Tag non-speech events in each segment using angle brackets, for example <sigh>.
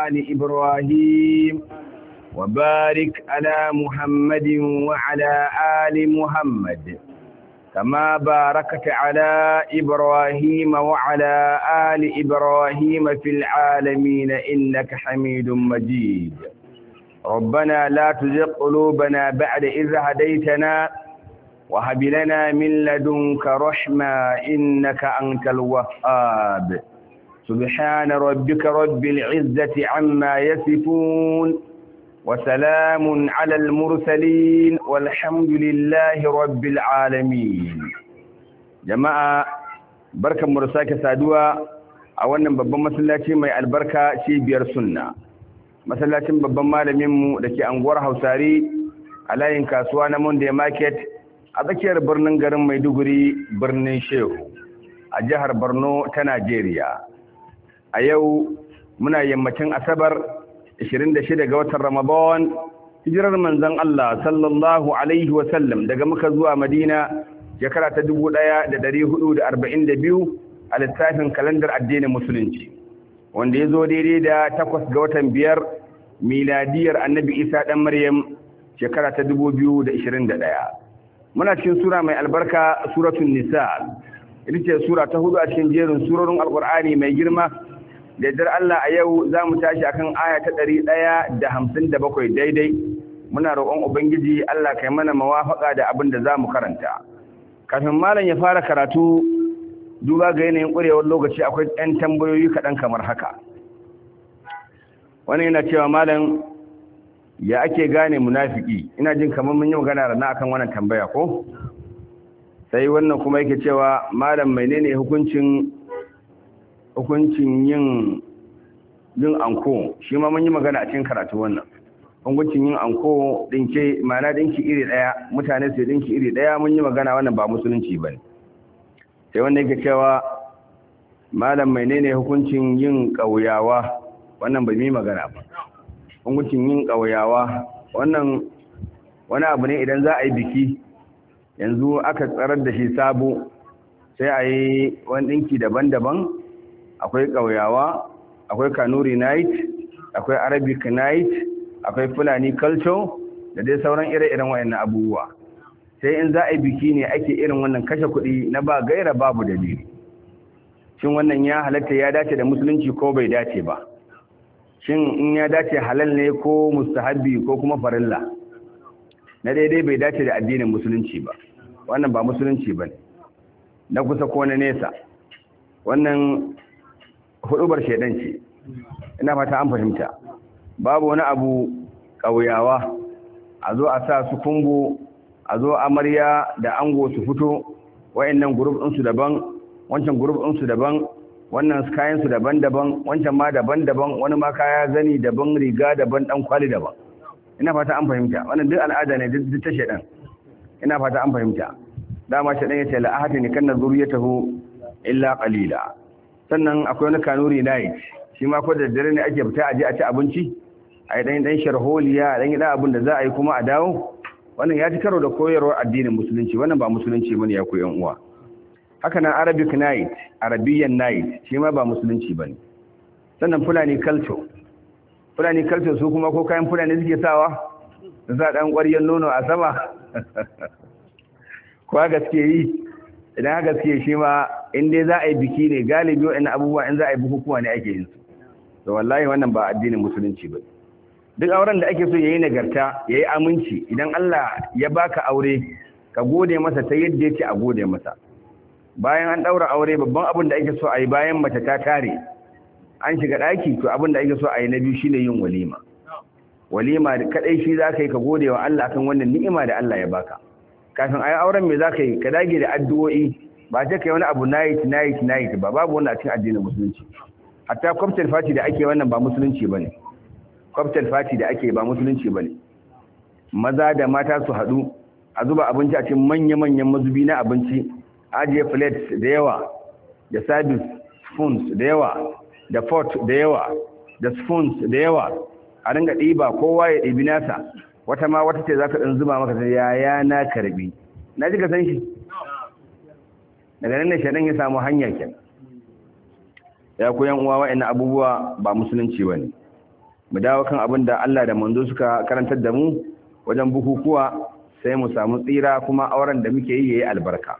آل إبراهيم وبارك على محمد وعلى آل محمد كما باركت على إبراهيم وعلى آل إبراهيم في العالمين إنك حميد مجيد ربنا لا تزغ قلوبنا بعد إذ هديتنا وهب لنا من لدنك رحمة إنك أنت الوهاب سبحان ربك رب العزة عما يصفون وسلام على المرسلين والحمد لله رب العالمين جماعة بركة مرساك سادوة أولا بابا مسلاتي مي البركة شي بير سنة مسلاتي بابا مالميمو لكي أنغور هوساري على إن كاسوانا موندي ماركت a tsakiyar birnin garin maiduguri birnin shehu a jihar borno ta najeriya a yau muna yammacin asabar 26 ga watan ramadan hijirar manzon Allah sallallahu alaihi wa sallam daga muka zuwa madina shekara ta 1442 a littafin kalandar addinin musulunci wanda ya zo daidai da takwas ga watan biyar miladiyar annabi isa dan maryam shekara ta 2021 muna cikin sura mai albarka suratun nisa ita ce sura ta hudu a cikin jerin surorin alkur'ani mai girma da yardar Allah a yau za mu tashi akan aya ta ɗari ɗaya da hamsin da bakwai daidai muna roƙon ubangiji Allah kai mana mawafaƙa da abin da za mu karanta kafin malam ya fara karatu duba ga yanayin ƙurewar lokaci akwai ɗan tambayoyi kaɗan kamar haka wani yana cewa malam ya ake gane munafiki ina jin kamar mun yi magana rana akan wannan tambaya ko sai wannan kuma yake cewa malam menene hukuncin hukuncin yin yin anko shi ma mun yi magana a cikin karatu wannan hukuncin yin anko dinke ma'ana dinki iri daya mutane su dinki iri daya mun yi magana wannan ba musulunci bane sai wanda yake cewa malam menene hukuncin yin kauyawa wannan ba mu yi magana ba hukuncin yin kauyawa wannan wani abu ne idan za a yi biki yanzu aka tsarar da shi sabo sai a yi wani dinki daban-daban akwai ƙauyawa akwai kanuri night akwai arabic night akwai fulani culture da dai sauran ire-iren wayannan abubuwa sai in za a yi biki ne ake irin wannan kashe kuɗi na ba gaira babu dalili shin wannan ya halatta ya dace da musulunci ko bai dace ba shin in ya dace halal ne ko mustahabbi ko kuma farilla na daidai bai dace da addinin musulunci ba wannan ba musulunci ba ne na kusa ko na nesa wannan hudubar shaidan ce ina fata an fahimta babu wani abu ƙauyawa a zo a sa su kungo a zo amarya da ango su fito wayannan group din su daban wancan group din su daban wannan kayan su daban-daban wancan ma daban-daban wani ma kaya zani daban riga daban dan kwali daban ina fata an fahimta wannan duk al'ada ne duk ta shedan ina fata an fahimta dama shedan yace la na ni ya zuriyatahu illa qalila sannan akwai wani kanuri night shi ma kwa da dare ne ake fita a a ci abinci a yi ɗan sharholiya a ɗan yi ɗan abin da za a yi kuma a dawo wannan ya ci karo da koyarwar addinin musulunci wannan ba musulunci bane ya koyan uwa haka nan arabic night arabian night shi ma ba musulunci bane sannan fulani culture fulani culture su kuma ko kayan fulani suke sawa za dan ƙwaryen nono a sama <laughs> kwa gaske yi idan haka suke shi ma in dai za a yi biki ne galibi wa'in abubuwa in za a yi bukukuwa ne ake yin su to wallahi wannan ba addinin musulunci ba duk auren da ake so ya yi nagarta yayi aminci idan Allah ya baka aure ka gode masa ta yadda yake a gode masa bayan an daura aure babban abin da ake so a yi bayan mace ta tare an shiga ɗaki, to abin da ake so a yi na biyu shine yin walima walima kaɗai kadai shi zaka yi ka gode wa Allah kan wannan ni'ima da Allah ya baka kafin a yi auren me za ka yi ka dage da addu'o'i ba ce ka yi wani abu night night night ba babu wani a cikin addinin musulunci hatta kwamfutar fati da ake wannan ba musulunci ba ne kwamfutar fati da ake ba musulunci ba ne maza da mata su haɗu a zuba abinci a cikin manya-manyan mazubi na abinci ajiye plates da yawa da service spoons da yawa da fork da yawa da spoons da yawa a ringa ɗiba kowa ya ɗibi nasa wata ma wata ce za ta ɗan zuba maka sai yaya na karbi na ji ka san shi daga nan ne shi ya samu hanyar kyan. ya ku yan uwa abubuwa ba musulunci ba ne. mu dawo kan abin da Allah da manzo suka karantar da mu wajen bukukuwa sai mu samu tsira kuma auren da muke yi yayi albarka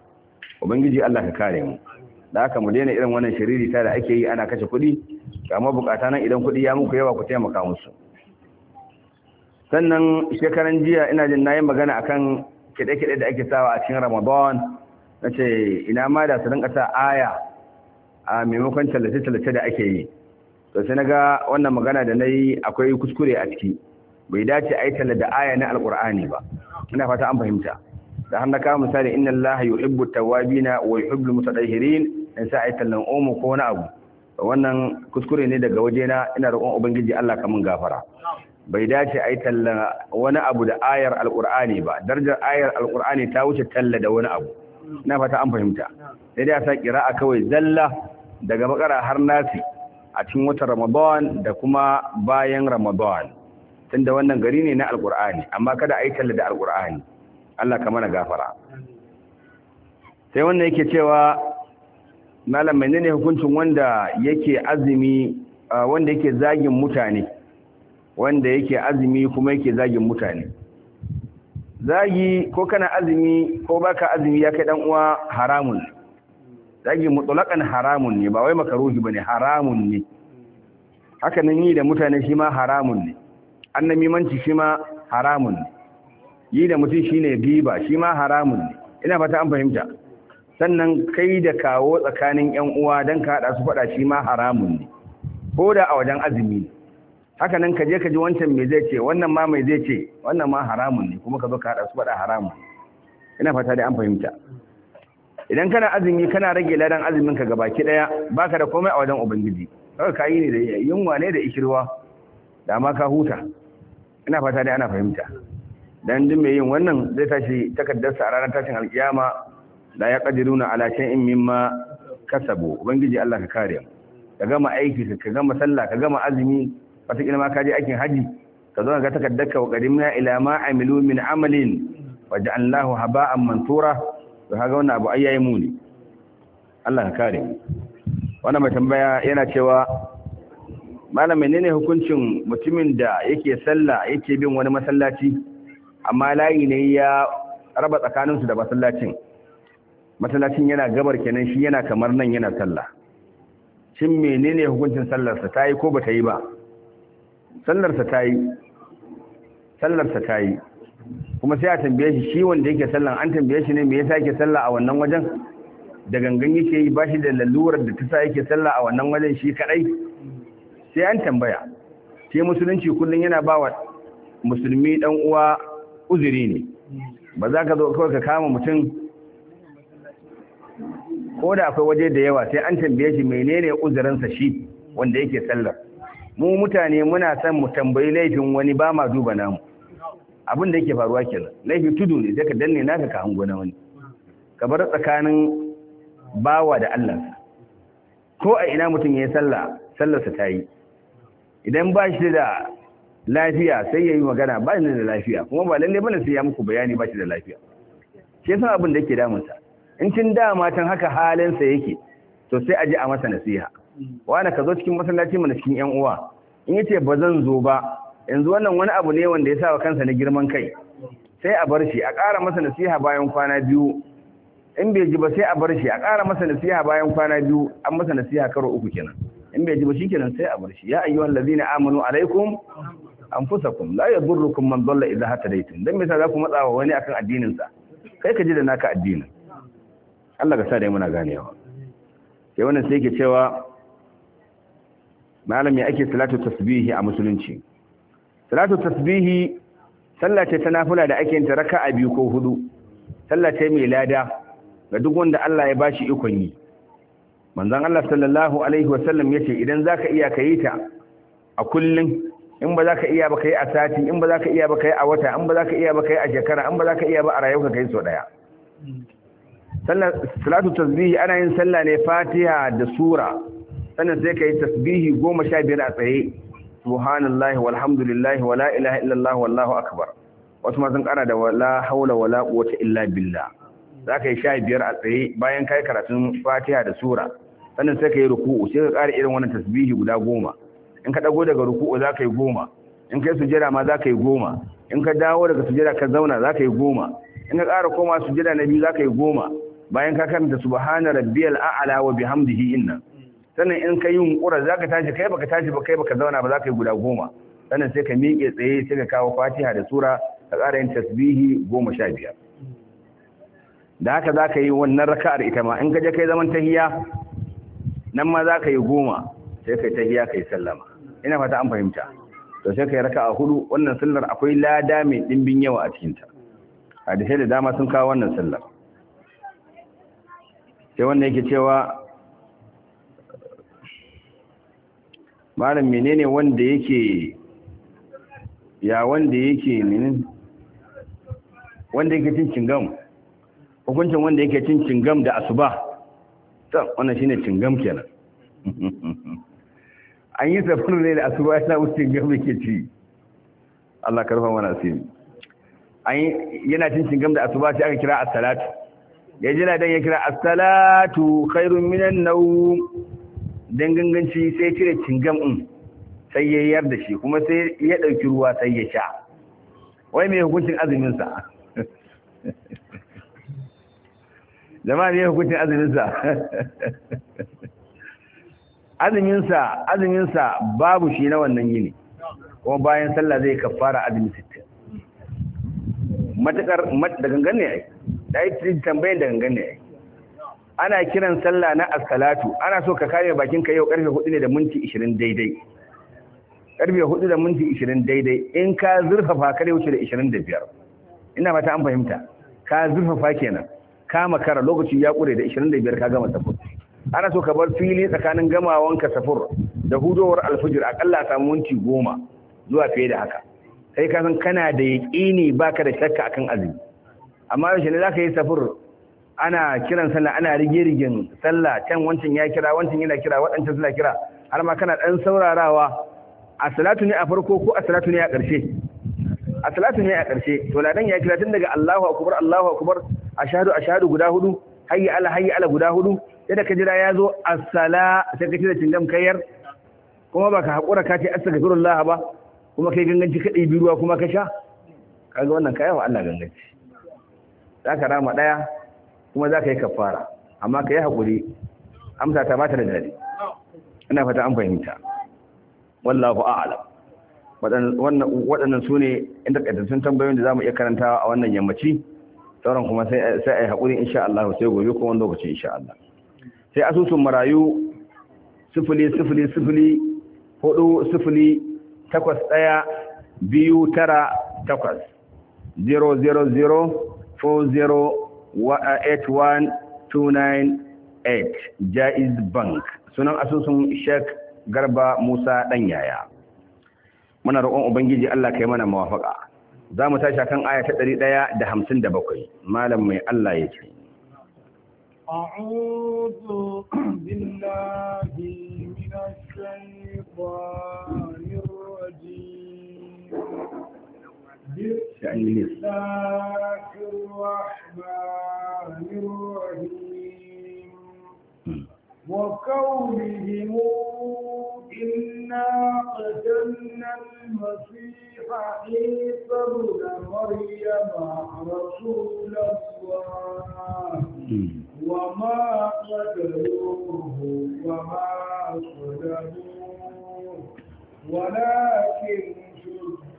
ubangiji Allah ka kare mu da haka mu daina irin wannan shiriri ta da ake yi ana kashe kuɗi amma bukata nan idan kuɗi ya muku yawa ku taimaka musu sannan shekaran jiya ina jin nayi magana akan kide-kide da ake sawa a cikin ramadan na ce ina ma da su rinka sa aya a maimakon tallace-tallace da ake yi to sai na ga wannan magana da na yi akwai kuskure a ciki bai dace a yi talla da aya na Alkur'ani ba ina fata an fahimta da har na kawo misali inna allaha yuhibbu tawabina wa yuhibbu mutadahirin in sa yi tallan omo ko wani abu wannan kuskure ne daga waje na? ina roƙon ubangiji Allah ka mun gafara bai dace a yi talla wani abu da ayar alƙur'ani ba darajar ayar alƙur'ani ta wuce talla da wani abu na fata an fahimta sai dai a sa kira'a kawai zalla daga bakara har nasi a cikin watan ramadan da kuma bayan ramadan tunda wannan gari ne na alƙur'ani amma kada a yi talla da alƙur'ani Allah ka mana gafara sai wannan yake cewa malam ne hukuncin wanda yake azumi wanda yake zagin mutane wanda yake azumi kuma yake zagin mutane zagi ko kana azumi ko baka azumi ya kai dan uwa haramun zagi mutlaqan haramun ne ba wai makaruhi bane haramun ne haka nan yi da mutane shi ma haramun ne manci shi ma haramun ne yi da mutum shine biba shi ma haramun ne ina fata an fahimta sannan kai da kawo tsakanin yan uwa dan ka hada su fada shi ma haramun ne ko da a wajen azumi ne haka nan ka je ka ji wancan me zai ce wannan ma mai zai ce wannan ma haramun ne kuma ka zo ka haɗa su faɗa haramun ina fata da an fahimta idan kana azumi kana rage ladan azumin ka gabaki daya baka da komai a wajen ubangiji kawai ka yi ne da yunwa ne da ikirwa? da ma ka huta ina fata dai ana fahimta dan duk mai yin wannan zai tashi takaddarsa a ranar tashin alkiyama da ya qadiruna ala shay'in mimma kasabu ubangiji Allah ka kare ka gama aiki ka gama sallah ka gama azumi wata ma ka je aikin haji ka zo ga takardar ka qadimna ila ma amilu min amalin waja'alnahu haba'an mansura to kaga wannan abu ayyayi muni Allah ka kare wannan mai tambaya yana cewa malam menene hukuncin mutumin da yake sallah yake bin wani masallaci amma layi ne ya raba tsakaninsu da masallacin masallacin yana gabar kenan shi yana kamar nan yana sallah shin menene hukuncin sallarsa ta yi ko ba ta yi ba sallarsa ta yi sallarsa ta yi kuma sai a tambaye shi shi wanda yake sallan an tambaye shi ne me yasa yake salla a wannan wajen da gangan yake yi ba shi da lalurar da ta sa yake salla a wannan wajen shi kadai sai an tambaya sai musulunci kullum yana ba wa musulmi dan uwa uzuri ne ba za ka zo kawai ka kama mutum ko da akwai waje da yawa sai an tambaye shi menene uzurinsa shi wanda yake sallar mu mutane muna son mu tambayi laifin wani ba ma duba namu abin da yake faruwa ke nan laifi tudu ne sai ka danne na ka hango na wani ka bar tsakanin bawa da Allah ko a ina mutum ya sallah sallarsa ta yi idan ba shi da lafiya sai yayi magana ba shi da lafiya kuma ba lalle bane sai ya muku bayani ba shi da lafiya shi yasa abin da yake damunsa in cin dama tan haka halinsa yake to sai a ji a masa nasiha wani ka zo cikin masallaci mana cikin ƴan uwa in yace ba zan zo ba yanzu wannan wani abu ne wanda ya sa wa kansa na girman kai sai a bar shi a ƙara masa nasiha bayan kwana biyu in bai ji ba sai a bar shi a ƙara masa nasiha bayan kwana biyu an masa nasiha karo uku kenan in bai ji ba shikenan sai a bar shi ya ayyuhal ladina amanu alaikum anfusakum la yadurrukum man dalla idha hatadaytum dan me yasa za ku matsa wa wani akan addinin sa kai ka ji da naka addinin Allah ka sa dai muna ganewa sai wannan sai yake cewa malam ya ake salatu tasbihi a musulunci salatu tasbihi sallah ce ta nafila da ake ta raka'a biyu ko hudu sallah ce mai lada ga duk wanda Allah ya bashi ikon yi manzon Allah sallallahu alaihi wasallam yace idan zaka iya kai ta a kullun in ba zaka iya ba kai a sati in ba zaka iya ba kai a wata in ba zaka iya ba kai a shekara in ba zaka iya ba a rayuwarka kai so daya salatu tasbihi ana yin sallah ne fatiha da sura sannan sai ka yi tasbihi goma sha biyar a tsaye subhanallahi walhamdulillahi wala ilaha illallah wallahu akbar wasu ma sun kara da wala haula wala quwwata illa billah za yi sha biyar a tsaye bayan kai karatun fatiha da sura sannan sai ka yi ruku'u sai ka kara irin wannan tasbihi guda goma in ka dago daga ruku'u za ka yi goma in ka yi sujada ma za yi goma in ka dawo daga sujada ka zauna za yi goma in ka ƙara koma sujada na biyu za yi goma bayan ka karanta subhana rabbiyal a'la wa bihamdihi innahu sannan in ka yi hunkura za ka tashi kai baka tashi ba kai baka zauna ba za ka yi guda goma sannan sai ka miƙe tsaye sai ka kawo fatiha da sura ka ƙara yin tasbihi goma sha biyar da haka za ka yi wannan raka'ar ita ma in ka je kai zaman tahiya nan ma za ka yi goma sai kai tahiya yi sallama ina fata an fahimta to sai kai raka'a hudu wannan sallar akwai lada mai ɗimbin yawa a cikin ta hadisai da dama sun kawo wannan sallar sai wannan yake cewa malam menene wanda yake ya wanda yake ne wanda yake cin cingam hukuncin wanda yake cin cingam da asuba to wannan shine cingam kenan <laughs> an yi safar ne da asuba yana wucin gam yake ci Allah karfa mana asiri an yana cin cingam da asuba sai aka kira as-salatu yaji ladan dan ya kira as-salatu khairun minan nawm don ganganci sai cire cingam ɗin sai ya yar da shi kuma sai ya ɗauki ruwa sai ya sha wai mai hukuncin azuminsa <laughs> jama'a ne hukuncin azuminsa <laughs> azuminsa azuminsa babu shi na wannan yini kuma bayan sallah zai kafara azumi sittin matakar da gangan ne ai da yi tambayin da gangan ne ai ana kiran sallah na as-salatu ana so ka kare bakin ka yau karfe 4 ne da minti 20 daidai karfe 4 da minti 20 daidai in ka zurfafa kare wuce da 25 ina mata an fahimta ka zurfafa kenan ka makara lokaci ya kure da 25 ka gama safur ana so ka bar fili tsakanin gamawan ka safur da hudowar alfujir akalla a samu minti 10 zuwa fiye da haka sai ka san kana da yaqini baka da shakka akan azumi amma shi ne zaka yi safur ana kiran sallah ana rige-rigen sallah can wancan ya kira wancan yana kira waɗancan suna kira har ma kana ɗan saurarawa a salatu ne a farko ko a salatu ne a ƙarshe a salatu ne a ƙarshe to ladan ya kira tun daga Allahu akbar Allahu akbar ashhadu ashhadu guda hudu hayya ala hayya ala guda hudu sai da ka jira ya zo as-sala sai ka tira cingam kayar kuma baka hakura ka ce astaghfirullah ba kuma kai ganganci ka ɗebi ruwa kuma ka sha kaga wannan kayawa Allah ganganci zaka rama daya kuma za ka yi kafara amma ka yi haƙuri amsa ta ba ta da dare ina fata an fahimta wallahu a'lam waɗannan su ne inda ƙaddasun tambayoyin da za mu iya karantawa a wannan yammaci sauran kuma sai a yi haƙuri insha Allah sai gobe ko wani lokaci insha Allah sai asusun marayu sifili sifili sifili hudu sifili takwas ɗaya biyu tara takwas zero zero zero four zero 81298 uh, Jaiz Bank sunan asusun Sheikh Garba Musa dan yaya muna roƙon ubangiji Allah kai mana mawafaka za mu tashi kan aya ta 157 malam mai Allah ya أعوذ بالله من بسم الله الرحمن الرحيم وقولهم إنا قتلنا المسيح عيسى ابن مريم رسول الله وما قدروه وما صلبوه ولكن شبه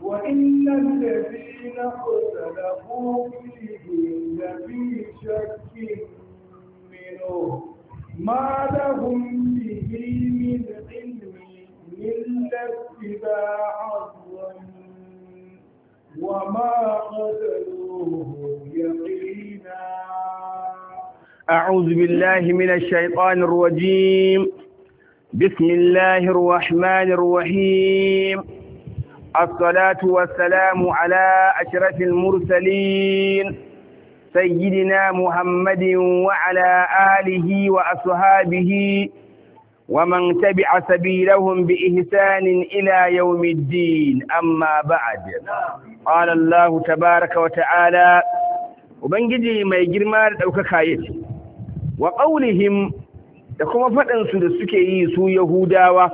وإن الذين اختلفوا فيه لفي شك منه ما لهم به من علم إلا اتباع الظن وما قتلوه يقينا أعوذ بالله من الشيطان الرجيم بسم الله الرحمن الرحيم الصلاة والسلام على أشرف المرسلين سيدنا محمد وعلى آله وأصحابه ومن تبع سبيلهم بإحسان إلى يوم الدين أما بعد قال الله تبارك وتعالى وبنجدي ما يجرمان أو كخايت وقولهم da kuma faɗansu da suke yi su yahudawa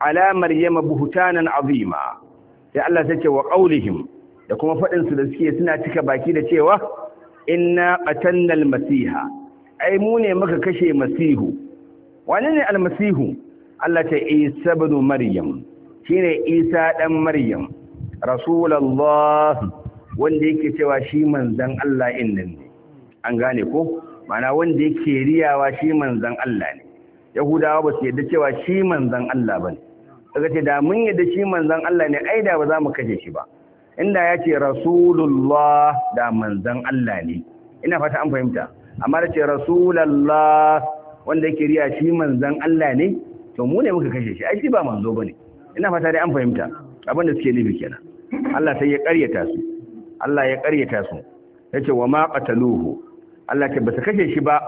alamar maryama buhutanan azima sai Allah ta ce wa qaulihim da kuma faɗinsu da suke suna cika baki da cewa inna qatanna masiha ai mu ne muka kashe masihu wani ne almasihu Allah ta isa ibn maryam shine isa dan maryam rasulullah wanda yake cewa shi manzon Allah innan ne an gane ko mana wanda yake riyawa shi manzan Allah ne yahudawa ba su yadda cewa shi manzan Allah ba ne daga ce da mun yadda shi manzan Allah ne ai da ba za mu kashe shi ba inda ya ce rasulullah da manzan Allah ne ina fata an fahimta amma da ce rasulallah wanda yake riya shi manzan Allah ne to mu ne muka kashe shi ai shi ba manzo bane ina fata dai an fahimta abin da suke nufi kenan Allah sai ya ƙaryata su Allah ya ƙaryata su yace wa ma qataluhu Allah ce ba su kashe shi ba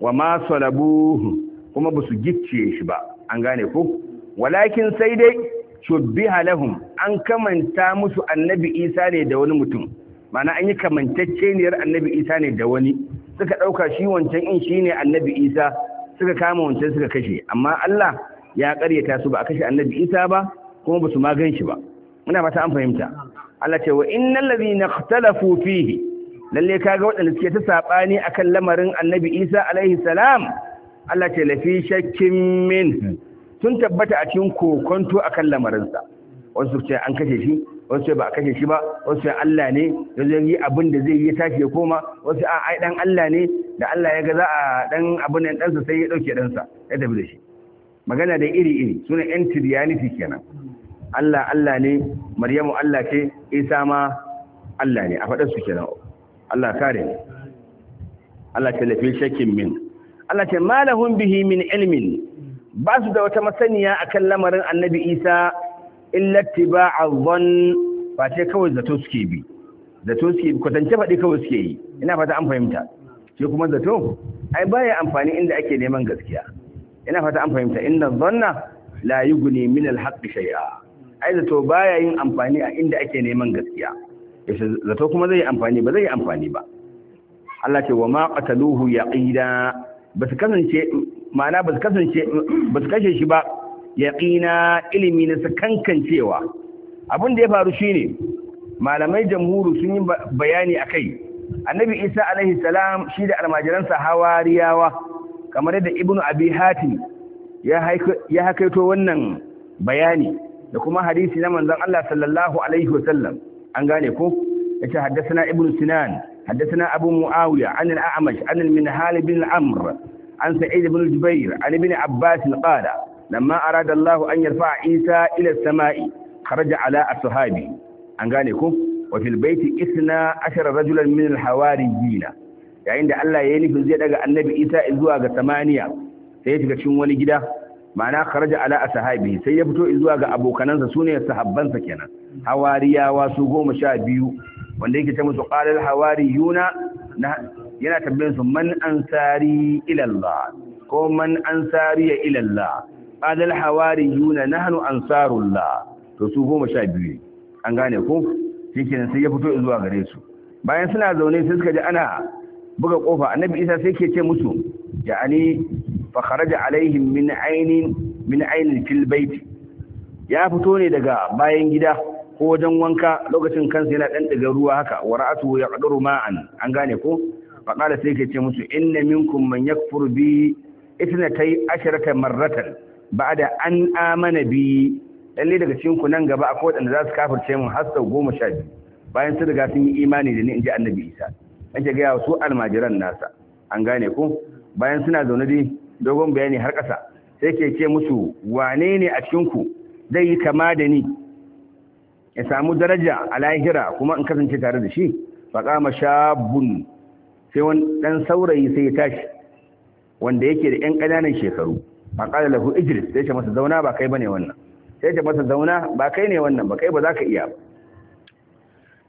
wa ma salabuhu kuma ba su gicciye shi ba an gane ko walakin sai dai shubbiha lahum an kamanta musu annabi Isa ne da wani mutum mana an yi kamantacce kamantacceniyar annabi Isa ne da wani suka ɗauka shi wancan in shine annabi Isa suka kama wancan suka kashe amma Allah ya karyata su ba a kashe annabi Isa ba kuma ba su ma shi ba muna fata an fahimta Allah ce wa innal ladhina ikhtalafu fihi lalle ga waɗanda suke ta saɓani akan lamarin annabi isa alaihi salam allah ce lafi shakkin min sun tabbata a cikin kokonto akan lamarinsa wasu ce an kashe shi wasu ce ba a kashe shi ba wasu ce allah ne ya yi abin da zai yi tashi ya koma wasu a ai dan allah ne da allah ya ga za a dan abin nan ɗansa sai ya ɗauke ɗansa ya tafi da shi magana da iri iri suna yan trianity kenan allah allah ne maryamu allah ce isa ma allah ne a faɗar su kenan Allah kare Allah ta lafi shakin min Allah ta malahun bihi min ilmin ba su da wata masaniya akan lamarin annabi Isa illa tiba'a dhann ba ce kawai zato suke bi zato suke bi kwatance faɗi kawai suke yi ina fata an fahimta shi kuma zato ai baya amfani inda ake neman gaskiya ina fata an fahimta inna dhanna la yughni min al-haqqi shay'a ai zato baya yin amfani a inda ake neman gaskiya zato kuma zai amfani ba zai amfani ba Allah ce wa ma qataluhu yaqina ba su kasance ma'ana ba su kasance ba su kashe shi ba yaqina ilimi na sakankancewa abin da ya faru shine malamai jamhuru sun yi bayani akai annabi Isa alaihi salam shi da almajiransa hawariyawa kamar yadda ibnu abi hatim ya hakaito wannan bayani da kuma hadisi na manzon Allah sallallahu alaihi wasallam an gane ko yace haddathana ibn sinan haddathana abu muawiya an al-a'mash an al bin amr an sa'id ibn jubair an ibn abbas qala lamma arada Allah an yarfa'a Isa ila as-sama'i kharaja ala ashabi an gane ko wa fil bayti isna ashara rajulan min al-hawarijina yayin da Allah ya yi nufin zai daga annabi Isa zuwa ga samaniya sai ya shiga cikin wani gida ma'ana kharaja ala ashabi sai ya fito zuwa ga abokanansa sune sahabbansa kenan hawariyawa su goma sha biyu wanda yake ta musu qalal hawariyuna yana tambayin su man ansari ila Allah ko man ansari ila Allah qalal hawariyuna nahnu ansarullah to su goma sha biyu an gane ko shikenan sai ya fito zuwa gare su bayan suna zaune sai suka ji ana buga kofa annabi Isa sai ke ce musu ya'ani fa kharaja alaihim min ainin min ainin fil bait ya fito ne daga bayan gida ko wajen wanka lokacin kansa yana dan daga ruwa haka wara'atu yaqdaru ma'an an gane ko fa sai ke ce musu inna minkum man yakfur bi ithnatay asharata marratan ba'da an amana bi lalle daga cikin ku nan gaba akwai wadanda za su kafirce mun har sau goma sha biyu bayan sun riga sun yi imani da ni in ji annabi isa an ke gaya su almajiran nasa an gane ku bayan suna zaune dai dogon bayani har ƙasa sai ke ce musu wane ne a cikinku zai yi kama da ni ya samu daraja a lahira kuma in kasance tare da shi ba faƙama shabun sai wani ɗan saurayi sai ya tashi wanda yake da ‘yan ƙananan shekaru faƙala lafu idris sai ce masa zauna ba kai ba ne wannan sai ce masa zauna ba kai ne wannan ba kai ba za ka iya ba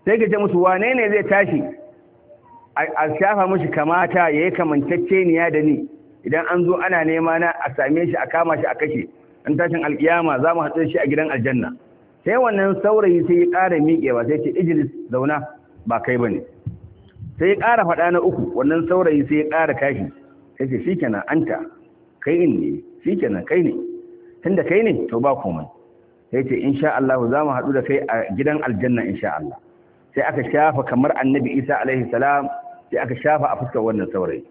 sai ka ce musu wane ne zai tashi a shafa mashi kamata ya yi kamanceceniya da ni idan an zo ana nema na a same shi a kama shi a kashe an tashin alkiyama za mu haɗu shi a gidan aljanna sai wannan saurayi sai ya ƙara miƙewa sai ce Idris zauna ba kai bane sai ya ƙara faɗa na uku wannan saurayi sai ya ƙara kashi sai ce shikenan anta kai in ne shikenan kai ne tunda kai ne to ba komai sai ce insha Allah za mu haɗu da kai a gidan aljanna insha Allah sai aka shafa kamar annabi Isa alaihi salam sai aka shafa a fuskar wannan saurayi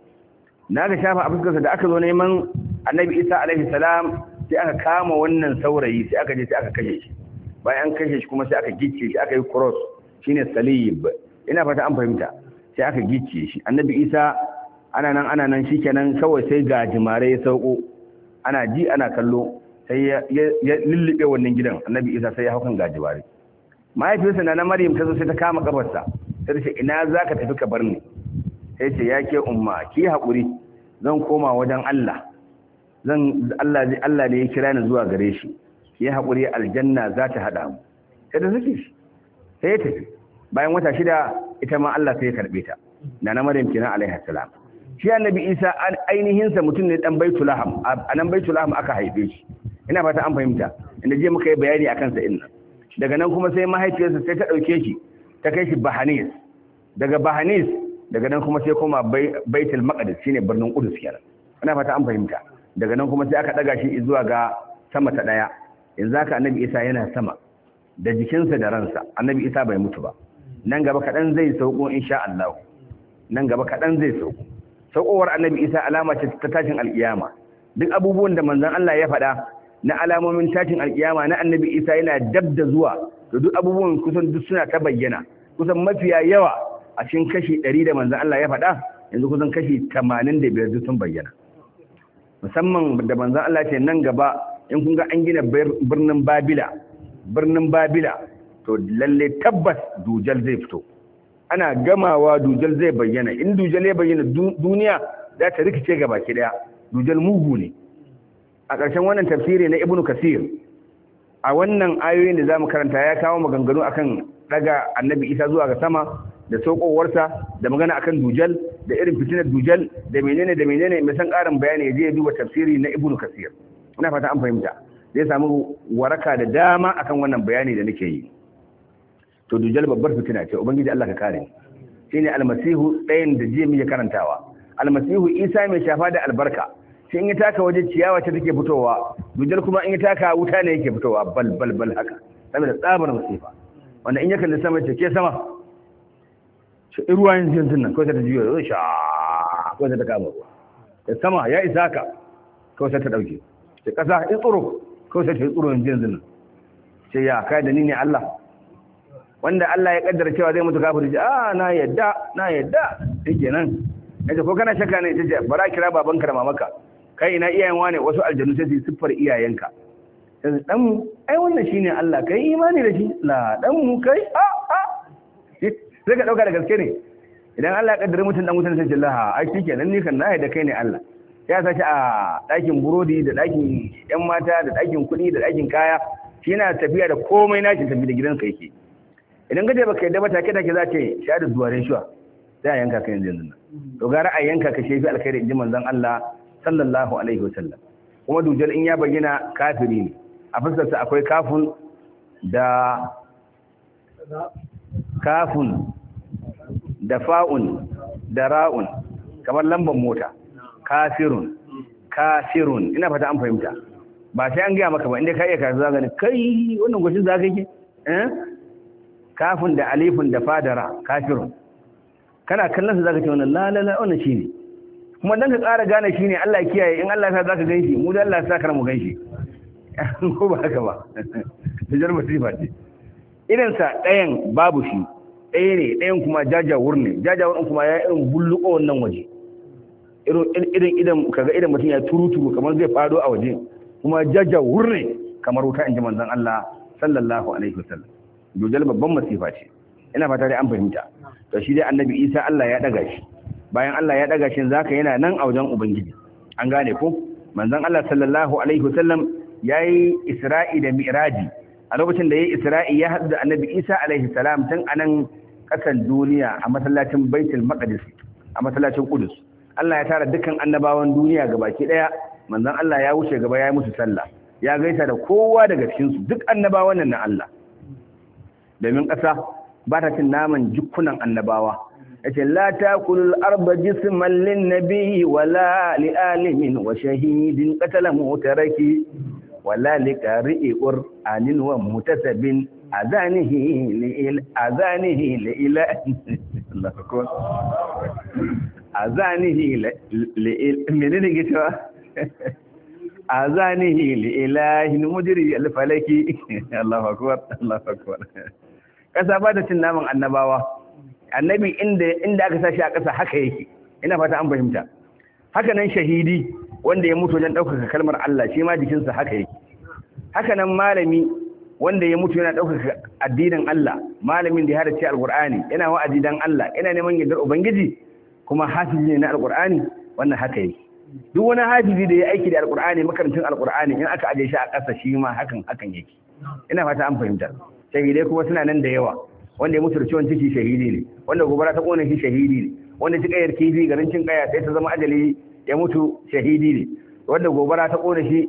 na ga shafa a fuskarsa da aka zo neman annabi isa alaihi salam sai aka kama wannan saurayi sai aka je sai aka kashe shi bayan kashe shi kuma sai aka gicce shi aka yi cross shine salib ina fata an fahimta sai aka gicce shi annabi isa ana nan ana nan shikenan kawai sai ga jimare ya sauko ana ji ana kallo sai ya lullube wannan gidan annabi isa sai ya haukan ga jimare mahaifiyarsa na na maryam ta zo sai ta kama kafarsa sai ta ce ina zaka tafi ka bar ni sai ce ya ke umma ki haƙuri zan koma wajen Allah zan Allah ne Allah ne ya kira ni zuwa gare shi ki haƙuri aljanna za ta hada mu sai da suke sai ta bayan wata shida ita ma Allah sai ya karbe ta da na Maryam kina alaihi salam shi annabi Isa ainihin sa mutum ne dan Baitul Laham a nan Baitul Laham aka haife shi ina fata an fahimta inda je muka yi bayani akan sa inna daga nan kuma sai mahaifiyarsa sai ta dauke shi ta kai shi Bahanis daga Bahanis daga nan kuma sai koma baitul maqdis shine birnin qudus kenan ana fata an fahimta daga nan kuma sai aka daga shi zuwa ga sama ta daya yanzu haka annabi isa yana sama da jikinsa da ransa annabi isa bai mutu ba nan gaba kaɗan zai sauko insha Allah nan gaba kaɗan zai sauko saukowar annabi isa alama ce ta tashin alkiyama duk abubuwan da manzon Allah ya faɗa na alamomin tashin alkiyama na annabi isa yana dab da zuwa to duk abubuwan kusan duk suna ta bayyana kusan mafiya yawa a cikin kashi ɗari da manzan Allah ya faɗa yanzu kusan kashi biyar duk sun bayyana musamman da manzan Allah ce nan gaba in kun ga an gina birnin Babila birnin Babila to lalle tabbas dujal zai fito ana gamawa dujal zai bayyana in dujal ya bayyana duniya za ta rikice gaba ki daya dujal mugu ne a ƙarshen wannan tafsiri na ibnu kasir a wannan ayoyin da zamu karanta ya kawo maganganu akan daga annabi isa zuwa ga sama da saukowarsa da magana akan dujal da irin fitinar dujal da menene da menene mai san karin bayani ya je ya duba tafsiri na ibnu kasir ina fata an fahimta zai samu waraka da dama akan wannan bayani da nake yi to dujal babbar fitina ce ubangiji Allah ka kare shine almasihu tsayin da jiya miya karantawa almasihu isa mai shafa da albarka shi in ya taka waje ciyawa ta take fitowa dujal kuma in ya taka wuta ne yake fitowa bal bal bal haka saboda tsabar masifa wanda in ya kalli sama ce ke sama shi ruwan yin jin tunan kawai ta juya zai sha kawai ta kama ruwa da sama ya isa ka kawai sai ta dauke da kasa ya tsoro kawai ta yi tsoro yin jin tunan sai ya kai da ni ne Allah wanda Allah ya kaddara cewa zai mutu kafiri a ah, na yadda na yadda yake nan yace ko kana shakka ne tace bara kira babanka da mamaka kai ina iyayen wane wasu aljanu sai su siffar iyayenka yanzu mu ai wannan shine Allah kai imani da shi la dan mu kai a ah, sai ka dauka da gaske ne idan Allah ya kaddara mutum dan mutum sai jillaha ai shikenan ni kan na da kai ne Allah ya sace a ɗakin burodi da ɗakin yan mata da ɗakin kuɗi da ɗakin kaya shi yana tafiya da komai na shi tafi da gidansa yake idan ka je baka yadda mata kai take za ta yi sha da zuwarin shuwa sai a yanka ka yanzu nan to gara a yanka ka shefi alkhairi inji manzon Allah sallallahu alaihi wasallam kuma dujal in ya bayyana kafiri ne a fuskarsa akwai kafun da kafun da fa'un da ra'un kamar lambar mota kafirun kafirun ina fata an fahimta ba sai an gaya maka ba inda ka iya karatu zagani kai wannan gushin ka yake eh kafin da alifin da fadara kafirun kana kallon su ka ce wani lalala wani shi ne shine kuma don ka ƙara gane shine Allah kiyaye in Allah za ka gan ganshi mu da Allah sa kar mu ganshi <laughs> ko ba haka ba hijar <laughs> musiba ce irinsa ɗayan babu shi ɗaya ne ɗayan kuma jajawur ne jajawur ɗin kuma ya irin bulluƙo wannan waje irin idan kaga idan mutum ya turuturu kamar zai fado a waje kuma jajawur ne kamar wuta in ji manzon Allah sallallahu alaihi wasallam dojal babban masifa ce ina fata dai an fahimta to shi dai annabi Isa Allah ya daga shi bayan Allah ya daga shi zaka yana nan a wajen ubangiji an gane ko manzon Allah sallallahu alaihi wasallam yayi Isra'i da Mi'raji a lokacin da ya yi isra'i ya haɗu da annabi isa alaihi salam tun a nan ƙasan duniya a masallacin baitul maqdis a masallacin kudus Allah ya tara dukkan annabawan duniya ga baki ɗaya manzon Allah ya wuce gaba ya yi musu sallah ya gaisa da kowa daga cikin su duk annabawan nan na Allah domin ƙasa ba ta cin naman jikunan annabawa yace la takulul arda jisman lin nabi wala li alimin wa shahidin qatala mutaraki walalika ri'ur anin wa mutasabin azanihi li azanihi li Allah ko azanihi li menene ke cewa azanihi mujri Allahu akbar Allahu akbar kasa ba da cin naman annabawa annabi inda inda aka sashi a kasa haka yake ina fata an fahimta haka nan shahidi wanda ya mutu wajen ɗaukaka kalmar Allah shi ma jikinsa haka yake haka nan malami wanda ya mutu yana ɗaukaka addinin Allah malamin da ya hada ce alƙur'ani yana wa'azi dan Allah yana neman yardar ubangiji kuma hafizi ne na alƙur'ani wannan haka yake duk wani hafizi da ya aiki da alƙur'ani makarantun alƙur'ani in aka aje shi a ƙasa shi ma hakan hakan yake ina fata an fahimta shahidai kuma suna nan da yawa wanda ya mutu da ciwon ciki shahidi ne wanda gobara ta kona shi shahidi ne wanda ta kayar kifi garin cin kaya sai ta zama ajali ya mutu shahidi ne wanda gobara ta kone shi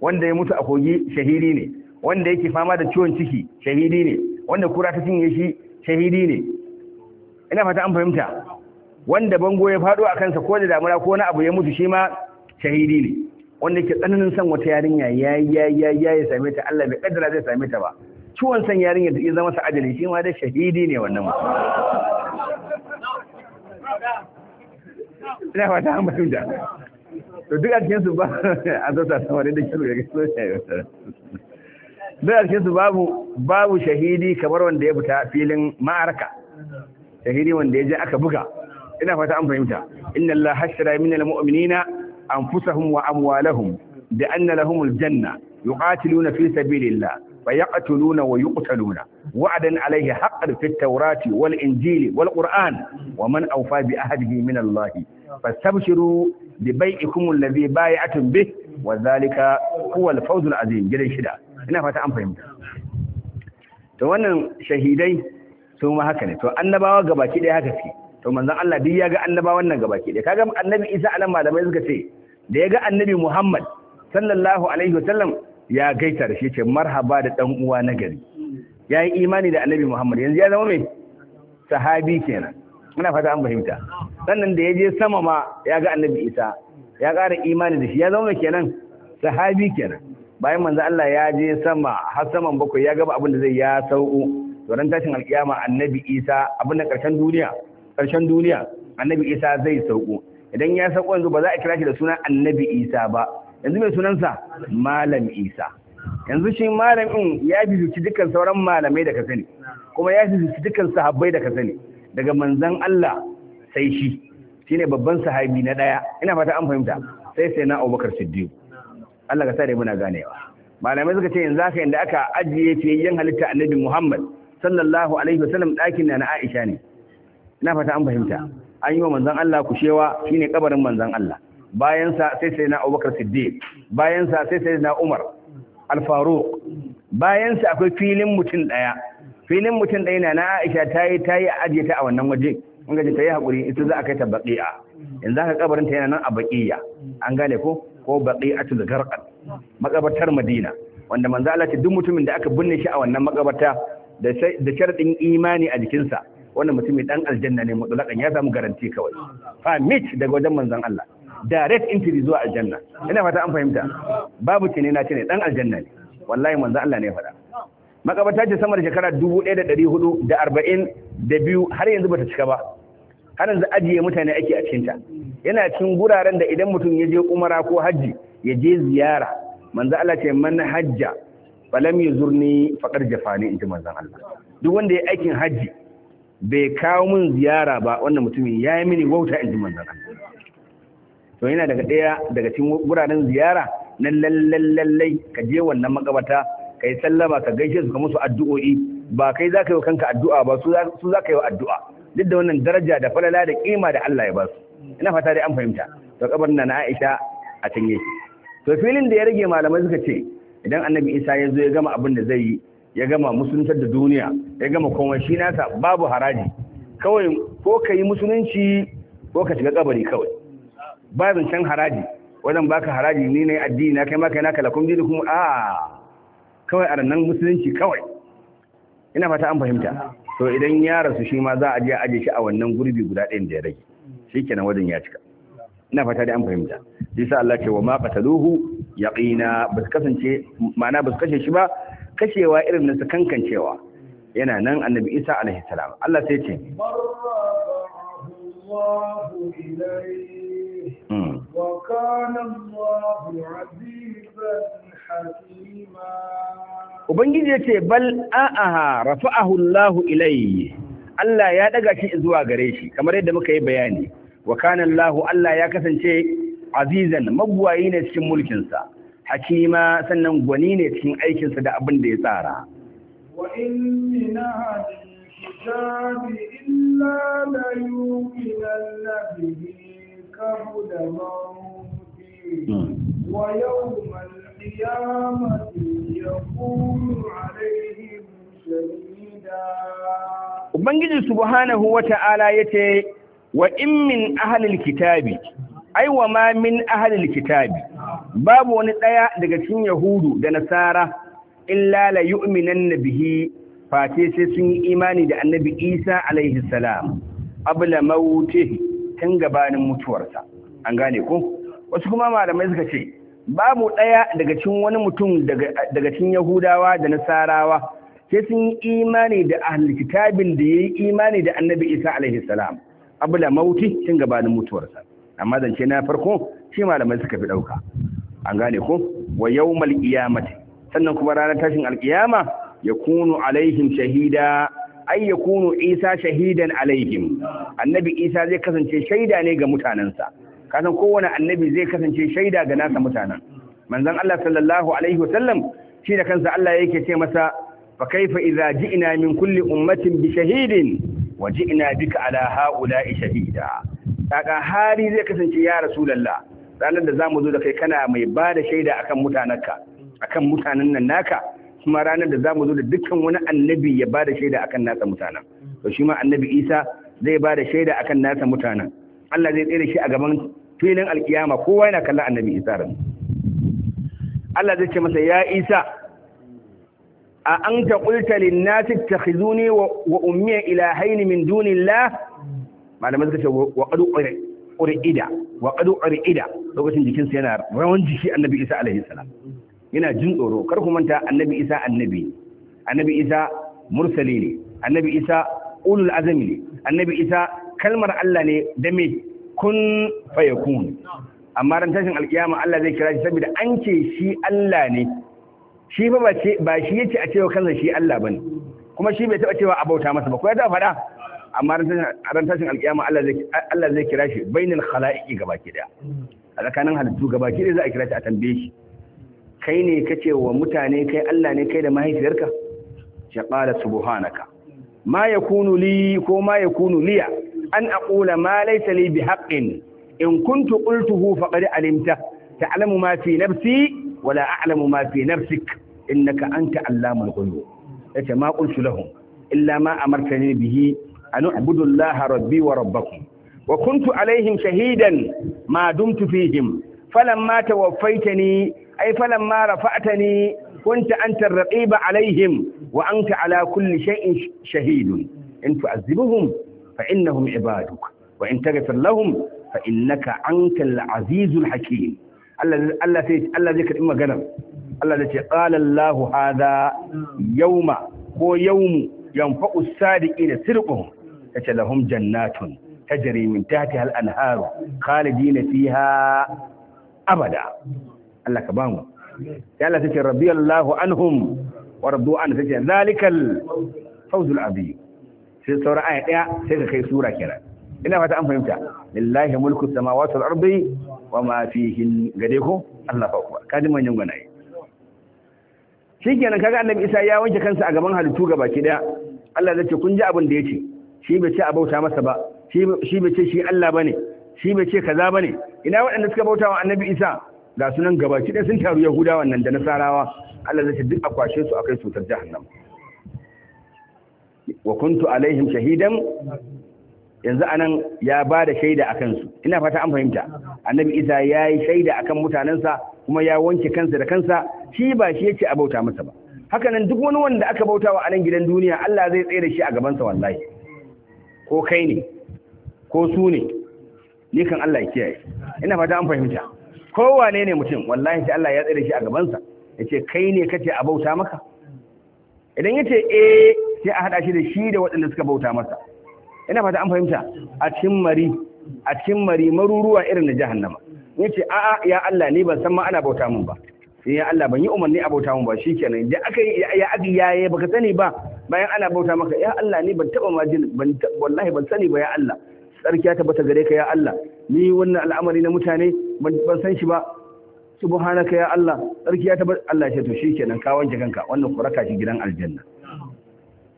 wanda ya mutu a kogi shahidi ne wanda yake fama da ciwon ciki shahidi ne wanda kura ta cinye shi shahidi ne ina fata an fahimta wanda bango ya faɗo a kansa ko da damura ko na abu ya mutu shi ma shahidi ne wanda yake tsananin san wata yarinya ya ya ya ya ya same ta Allah bai kaddara zai same ta ba ciwon san yarinya da ya zama sa'adali shi ma da shahidi ne wannan mutum ina fata an fahimta to duk a cikin su ba a zo ta sama da duk a cikin su babu babu shahidi kamar wanda ya fita filin ma'araka shahidi wanda ya je aka buga ina fata an fahimta inna Allah hashara min muminina anfusahum wa amwalahum bi anna lahumul janna yuqatiluna fi sabilillah فيقتلون ويقتلون وعدا عليه حقا في التوراة والإنجيل والقرآن ومن أوفى بأهده من الله fastabshiru bi bai'ikum allazi bai'atum bih wa zalika huwa al-fawz al-azim gidan shida ina fata an fahimta to wannan shahidai su ma haka ne to annabawa gabaki daya haka ce to manzon Allah duk ya ga annabawa wannan gabaki ɗaya kaga annabi Isa anan malamai suka ce da ya ga annabi Muhammad sallallahu alaihi wasallam ya gaita da shi ce marhaba da dan uwa na gari ya imani da annabi Muhammad yanzu ya zama mai sahabi kenan muna fata an fahimta sannan da ya je sama ma ya ga annabi isa ya ƙara imani da shi ya zama kenan sahabi kenan bayan manzo Allah ya je sama har saman bakwai ya gaba abin da zai ya sauko to ran tashin alkiyama annabi isa abin da ƙarshen duniya ƙarshen duniya annabi isa zai sauko idan ya sauko yanzu ba za a kira shi da suna annabi isa ba yanzu mai sunansa malam isa yanzu shi malamin ya fifici dukkan sauran malamai da ka kuma ya fifici dukkan sahabbai da ka daga manzan Allah sai shi shi ne babban sahabi na daya ina fata an fahimta sai sai na Abubakar Siddiq Allah ka sare muna ganewa malamai suka ce yanzu haka inda aka ajiye fiyayyen halitta Annabi Muhammad sallallahu alaihi wasallam ɗakin na na Aisha ne ina fata an fahimta an yi wa manzan Allah kushewa shine kabarin manzan Allah bayansa sai sai na Abubakar Siddiq bayansa sai sai na Umar Al-Faruq bayansa akwai filin mutum daya filin mutum ɗaya na na aisha ta yi ta yi ajiye ta a wannan waje in gaji ta yi haƙuri ita za a kai ta baƙi'a yanzu haka kabarin ta yana nan a baƙiya an gane ko ko baƙi'atul garqan makabartar madina wanda manzo Allah ce duk mutumin da aka binne shi a wannan makabarta da da imani a jikinsa wannan mutumin dan aljanna ne mutlaqan ya samu garanti kawai fa mit daga wajen manzon Allah direct entry zuwa aljanna ina fata an fahimta babu ce ne na ce ne dan aljanna ne wallahi manzo Allah ne ya faɗa makabata ce sama da da biyu har yanzu ba ta cika ba har yanzu ajiye mutane ake a cikinta yana cikin guraren da idan mutum ya je umara ko hajji ya je ziyara manzo Allah ce man hajja falam yuzurni faqad jafani ji manzon Allah duk wanda ya aikin hajji bai kawo min ziyara ba wannan mutumin ya yi mini wauta inji manzon Allah to yana daga daya daga cikin guraren ziyara na lallai lallai ka je wannan makabata kai sallama ka gaishe su ka musu addu'o'i ba kai za ka yi kanka addu'a ba su za ka yi addu'a duk da wannan daraja da falala da kima da Allah ya ba su ina fata dai an fahimta to kabarin nan Aisha a can to filin da ya rage malamai suka ce idan annabi Isa ya zo ya gama abin da zai yi ya gama musuluntar da duniya ya gama komai shi nasa babu haraji kawai ko ka yi musulunci ko ka shiga kabari kawai ba zancen haraji wajen baka haraji ni ne addini na kai ma kai kalakun lakum kuma a ah. kawai a rannan musulunci kawai ina fata an fahimta to idan ya rasu shi ma za a je aje shi a wannan gurbi guda ɗayan da ya rage shi kenan wajen ya cika ina fata da an fahimta shi sa Allah ce wa ma qataluhu yaqina bas kasance ma'ana bas kashe shi ba kashewa irin na kankancewa, yana nan annabi Isa alaihi salam Allah sai ce hmm. wa kana Allahu Ubangiji ya ce, Bal a'aha rafa'ahu Allahu ilayhi Allah ya ɗaga shi zuwa gare shi, kamar yadda muka yi bayani, wa Allahu Allah ya kasance azizan magwayi ne cikin mulkinsa, hakima sannan gwani ne cikin aikinsa da abin da ya tsara. Wa القيامة يكون عليهم شهيدا Ubangiji subhanahu wa ta'ala ya ce, Wa in min kitabi, ai wa ma min kitabi, babu wani ɗaya daga cikin Yahudu da Nasara, illa la yu'minan bihi face sai sun yi imani da annabi Isa alaihi salam, abla mautihi tun gabanin mutuwarsa. An gane ko? Wasu kuma malamai suka ce, babu ɗaya daga cikin wani mutum daga cikin yahudawa da nasarawa sai sun yi imani da ahlul kitabin da yayi imani da annabi isa alaihi salam abula mauti tun gabanin mutuwarsa amma zance na farko shi malamai suka fi ɗauka an gane ko wa yawmal qiyamati sannan kuma ranar tashin alqiyama yakunu alaihim shahida ay yakunu isa shahidan alaihim annabi isa zai kasance shaida ne ga mutanansa kasan kowane annabi zai kasance shaida ga nasa mutanen manzon Allah sallallahu alaihi wasallam shi da kansa Allah yake ce masa fa kaifa idza ji'na min kulli ummatin bi shahidin wa ji'na bika ala haula'i shahida kaga hari zai kasance ya rasulullah ranar da zamu zo da kai kana mai ba da shaida akan akan mutanen nan naka kuma ranar da zamu zo da dukkan wani annabi ya bada shaida akan nasa mutanen to shi ma annabi Isa zai bada shaida akan nasa mutanen Allah zai tsere shi a gaban filin alkiyama kowa yana kallon annabi isa ran Allah zai ce masa ya isa a an ta qulta lin nasi takhizuni wa ummi ilahaini min dunillah malamai suka ce wa qad qur'ida wa qad qur'ida lokacin jikinsa yana rawan jiki annabi isa alaihi salam yana jin tsoro kar ku manta annabi isa annabi annabi isa mursali ne annabi isa ulul azami ne annabi isa kalmar Allah ne da me kun fayakun amma ran tashin alkiyama Allah zai kira shi saboda an ce shi Allah ne shi ba ba shi yace a cewa kansa shi Allah bane kuma shi bai taba cewa a bauta masa ba ko ya ta faɗa amma ran tashin alkiyama Allah zai Allah zai kira shi bainal khalaiqi gabaki daya a tsakanin halittu gabaki daya za a kira shi a tambaye shi kai ne kace wa mutane kai Allah ne kai da mahaifiyarka ya qala subhanaka ma yakunu li ko ma yakunu liya أن أقول ما ليس لي بحق إن كنت قلته فقد علمته تعلم ما في نفسي ولا أعلم ما في نفسك إنك أنت علام الغيوب إذا ما قلت لهم إلا ما أمرتني به أن أعبد الله ربي وربكم وكنت عليهم شهيدا ما دمت فيهم فلما توفيتني أي فلما رفعتني كنت أنت الرقيب عليهم وأنت على كل شيء شهيد إن تعذبهم fa innahum ibadu, wa in taghfir lahum fa innaka antal azizul hakim Allah Allah sai Allah zai karbi magana. Allah zai ce qala Allahu hadha yawma ko yawmu yanfa'u sadiqina sirquhum tace lahum jannatun tajri min tahtiha al-anharu khalidina fiha abada Allah ka ya anhum wa radu zalikal sai saura aya daya sai ka kai sura kenan ina fata an fahimta lillahi mulku samawati wal ardi wa ma fihi gade ko Allah fa ba kaji manyan gwanaye shikenan kaga annabi Isa ya wanke kansa a gaban halittu baki daya Allah zai ce kun ji abin da yace shi bai ce a bauta masa ba shi bai ce shi Allah bane shi bai ce kaza bane ina waɗanda suka bauta wa annabi Isa ga sunan gabaki daya sun taru Yahudawa nan da Nasarawa Allah zai ce duk akwashe su akai cutar jahannama wa kuntu alaihim shahidan yanzu anan ya bada shaida a kansu ina fata an fahimta annabi isa ya yi shaida a kan kuma ya wanke kansa da kansa shi ba shi yake a bauta masa ba haka nan duk wani wanda aka bauta wa anan gidan duniya Allah zai tsaye da shi a gabansa wallahi ko kai ne ko su ne ni kan Allah yake kiyaye ina fata an fahimta kowane ne mutum wallahi sai Allah ya tsaye da shi a gabansa yace kai ne kace a bauta maka idan yace eh sai a haɗa shi da shi da waɗanda suka bauta masa ina fata an fahimta a cikin mari a cikin mari maruruwa irin na jahannama yace ce a'a ya Allah ni ban san ma ana bauta mun ba sai ya Allah ban yi umarni a bauta mun ba shikenan da aka ya aka yaye baka sani ba bayan ana bauta maka ya Allah ni ban taba majin ban wallahi ban sani ba ya Allah sarki ya tabbata gare ka ya Allah ni wannan al'amari na mutane ban san shi ba subhanaka ya Allah sarki ya tabbata Allah ya ce to shikenan ka wanke kanka wannan kuraka shi gidan aljanna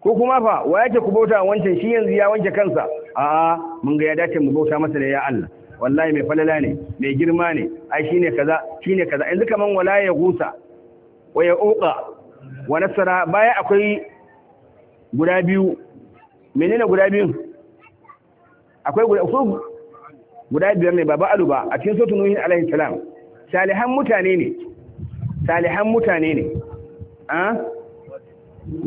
ko kuma fa wa yake ku bauta wancan shi yanzu ya wanke kansa A mun ga ya dace mu bauta masa da ya Allah wallahi mai falala ne mai girma ne ai shine kaza shine kaza yanzu kaman wala ya gusa wa ya uqa wa nasara baya akwai guda biyu menene guda biyu akwai guda so guda biyar ne baba Aluba, a cikin sautu nuhin alaihi salam salihan mutane ne salihan mutane ne ah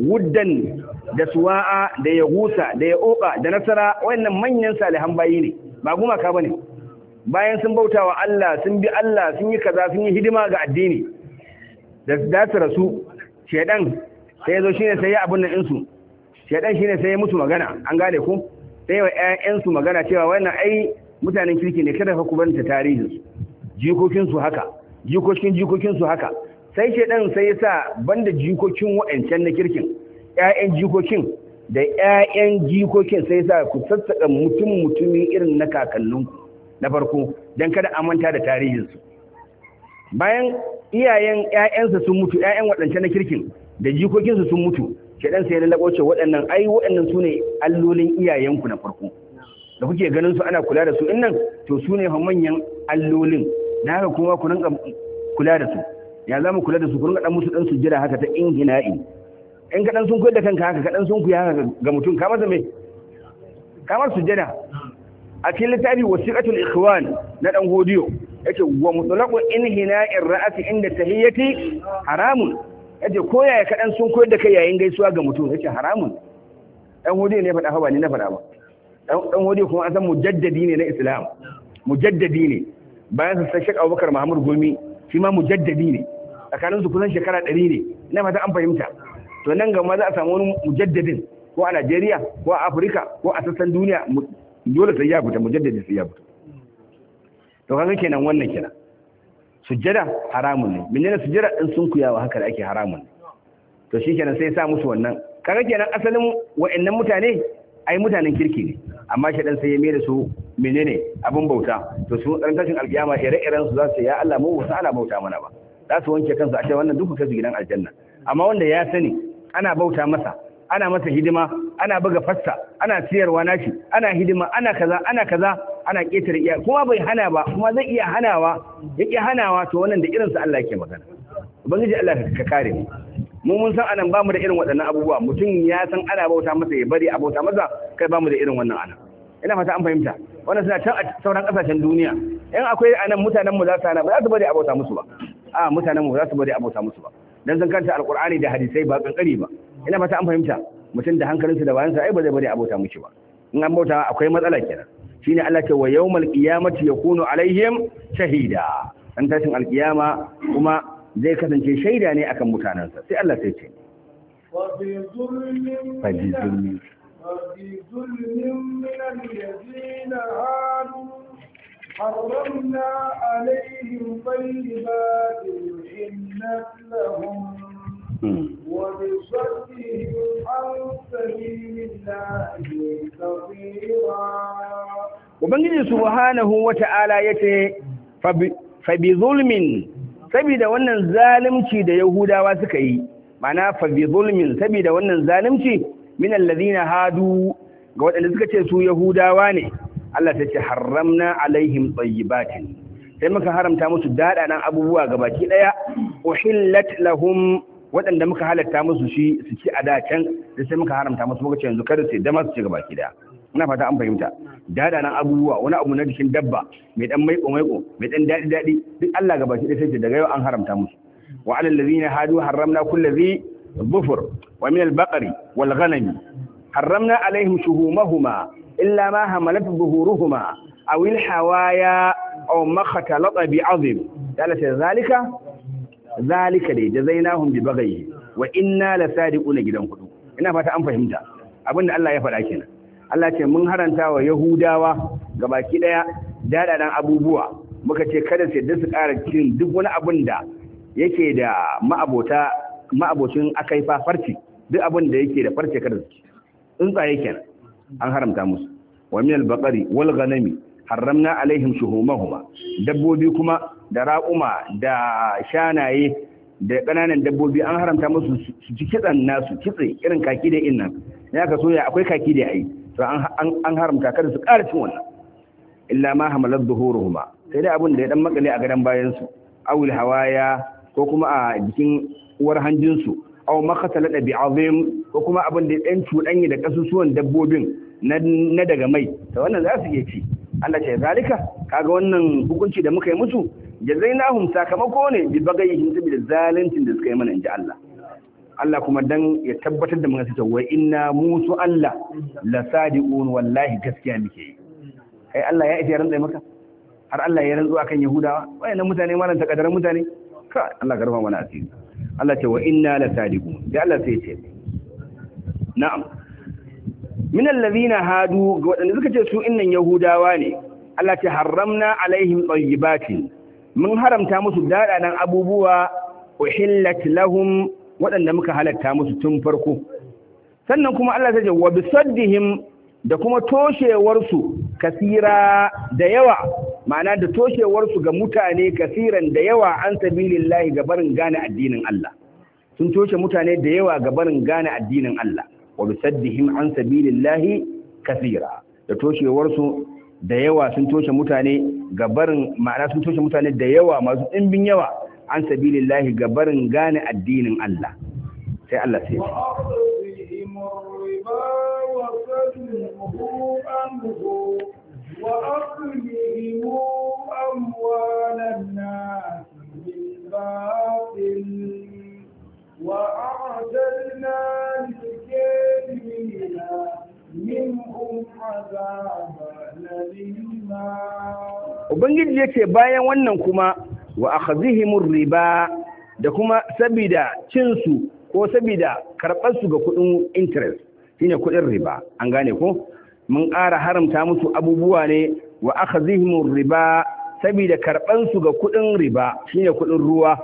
wuddan da suwa'a da ya gusa da ya oka da nasara wayannan manyan salihan bayi ne ba gumaka bane bayan sun bauta wa Allah sun bi Allah sun yi kaza sun yi hidima ga addini da da su rasu shedan sai zo shine sai ya abun nan insu shedan shine sai ya musu magana an gane ku sai wa ƴaƴan su magana cewa wannan ai mutanen kirki ne kada ku ta jikokin su haka jikokin jikokin haka sai shaidan sai ya sa banda jikokin wa'ancan na kirkin ƴaƴan jikokin da ƴaƴan jikokin sai ya sa ku sassaƙa mutum mutumi irin na kakanninku na farko don kada a manta da tarihinsu bayan iyayen ƴaƴansa sun mutu ƴaƴan waɗancan na kirkin da jikokinsu sun mutu shaidan sai ya lalabo ce waɗannan ai waɗannan su ne allolin iyayenku na farko da kuke ganin su ana kula da su innan to su ne manyan allolin na haka kuma ku rinka kula da su ya za mu kula da su kun dan musu dan sujjada haka ta inhina'i in ka dan sun koyar da kanka haka ka dan sun kuya haka ga mutum ka masa me ka sujjada a cikin littafi wasiqatul ikhwan na dan hodiyo ce wa in inhina'ir ra'si inda tahiyyati haramun ce ko ka dan sun koyar da kai yayin gaisuwa ga mutum ce haramun dan hodiyo ne faɗa ba ni na faɗa ba dan hodiyo kuma an san mujaddadi ne na islam mujaddadi ne bayan sa sai shek Abubakar mahamud Gumi shi ma mujaddadi ne tsakanin su kusan shekara ɗari ne ina fata an fahimta to nan gama za a samu wani mujaddadin ko a Najeriya ko a Afirka ko a sassan duniya dole sai ya fita mujaddadi sai ya fita to kaga kenan wannan kenan sujjada haramun ne menene sujjada din sun kuyawa haka da ake haramun ne to shikenan sai ya sa musu wannan kaga kenan asalin wa'annan mutane ai mutanen kirki ne amma shi dan sai ya mere su menene abin bauta to su ɗan tashin alkiyama ire-iren su za su ya Allah mu wasu ala bauta mana ba za su wanke kansu a ce wannan duk kai su gidan aljanna amma wanda ya sani ana bauta masa ana masa hidima ana buga fassa ana siyarwa nashi ana hidima ana kaza ana kaza ana ketare iya kuma bai hana ba kuma zai iya hanawa ya hanawa to wannan da irinsa Allah yake magana ubangiji Allah ka kare mu mu mun san anan bamu da irin waɗannan abubuwa mutum ya san ana bauta masa ya bari a bauta masa kai bamu da irin wannan anan ina fata an fahimta wannan suna can a sauran kasashen duniya in akwai anan mutanen mu za su ba za su bari abota musu ba a mutanen mu za su bari abota musu ba dan zan kanta alqur'ani da hadisai ba kankari ba ina fata an fahimta mutum da hankalinsa da bayansa ai ba zai bari abota musu ba in an bauta akwai matsala kenan shine Allah ce wa yawmal qiyamati yakunu alaihim shahida an tashin alkiyama kuma zai kasance shaida ne akan mutanansa sai Allah sai ce fa bi وفي ظلم من الذين هادوا حرمنا عليهم طيبات أحلت لهم Ubangiji subhanahu wa ta'ala ya ce, Fabi zulmin, sabida wannan zalimci da Yahudawa suka yi, mana fabi zulmin, wannan zalimci min allazina hadu ga waɗanda suka ce su yahudawa ne Allah ta ce haramna alaihim tayyibatin sai muka haramta musu daɗaɗan abubuwa ga baki ɗaya uhillat lahum waɗanda muka halatta musu shi su ci a da can sai muka haramta musu muka ce yanzu kada su dama su ci gaba ki ina fata an fahimta daɗaɗan abubuwa wani abu na jikin dabba mai ɗan maiƙo maiƙo mai ɗan daɗi daɗi duk Allah gaba ki da sai ce daga yau an haramta musu wa alal ladina hadu haramna kulli الظفر ومن البقر والغنم حرمنا عليهم شهومهما إلا ما هملت ظهورهما أو الحوايا أو ما اختلط بعظم قالت ذلك ذلك دي جزيناهم ببغيه وإنا لصادقون جدا خدو ina fata an fahimta abinda Allah ya faɗa kenan Allah ce mun haranta wa Yahudawa gabaki ɗaya dadadan abubuwa muka ce kada su yadda su ƙara cin duk wani abun da yake da ma'abota ma'abocin yi fa farci duk abin da yake da farce kada su ci tsuntsaye an haramta musu wa min al-baqari wal ghanami harramna alaihim shuhumahuma dabbobi kuma da raƙuma da shanaye da ƙananan dabbobi an haramta musu su ci kitsan nasu kitse irin kaki da innan ya ka soya akwai kaki da ai to an haramta kada su ƙara cin wannan illa ma hamalat zuhuruhuma sai dai abin da ya dan makale a gadan bayan su awil hawaya ko kuma a jikin uwar hanjinsu au makasala da bi'azim ko kuma abin da ɗan cuɗanya da ƙasusuwan dabbobin na daga mai ta wannan za su iya ci Allah ce zalika kaga wannan hukunci da muka yi musu jazainahum sakamako ne bi bagayihim saboda zalincin da suka yi mana inji Allah Allah kuma dan ya tabbatar da mana cewa inna musu Allah la sadiqun wallahi gaskiya muke yi kai Allah ya isa rantsa maka har Allah ya rantsu akan Yahudawa wayannan mutane malan takaddaran mutane ka Allah karfa mana asiri Allah ce wa inna la sadiqun sai Allah sai ce na'am min allazina hadu wadanda suka ce su innan yahudawa ne Allah ce haramna alaihim tayyibatin mun haramta musu dadanan abubuwa uhillat lahum wadanda muka halatta musu tun farko sannan kuma Allah sai ce wa bisaddihim da kuma toshewarsu kasira da yawa ma'ana da toshewarsu ga mutane kasiran da yawa an lahi ga barin gane addinin Allah sun toshe mutane da yawa ga barin gane addinin Allah wa bisaddihim an lahi kasira da toshewarsu da yawa sun toshe mutane ga barin ma'ana sun toshe mutane da yawa masu ɗimbin yawa an lahi ga barin gane addinin Allah sai Allah sai ya وأخذهم أموال الناس بالباطل وأعتدنا للكافرين منهم عذابا أليما Ubangiji ya ce bayan wannan kuma wa akhazihimur riba da kuma sabida cinsu ko sabida karɓarsu ga kuɗin interest shine kuɗin riba an gane ko mun ƙara haramta musu abubuwa ne wa aka zihimin riba saboda karɓansu ga kuɗin riba shine kuɗin ruwa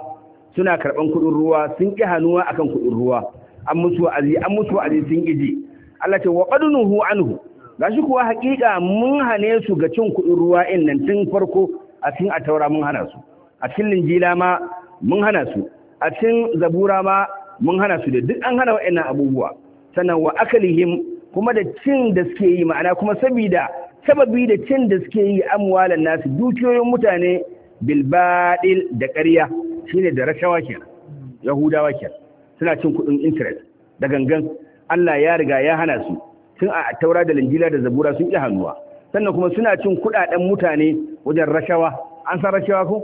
suna karɓan kuɗin ruwa sun ƙi hannuwa akan kuɗin ruwa an musu wa'azi an musu wa'azi sun ƙi ji Allah ce wa qadnuhu anhu gashi kuwa haƙiƙa mun hane su ga cin kuɗin ruwa in nan tun farko a cikin ataura mun hana su a cikin linjila ma mun hana su a cikin zabura ma mun hana su da duk an hana wa'annan abubuwa sannan wa akalihim kuma da cin da suke yi ma'ana kuma sabida sababi da cin da suke yi amwalan nasu dukiyoyin mutane bilbaɗil da ƙarya shine da rashawa kenan yahudawa kenan suna cin kuɗin interest da gangan Allah ya riga ya hana su tun a taura da linjila da zabura sun iya hannuwa sannan kuma suna cin kuɗaɗen mutane wajen rashawa an san rashawa ko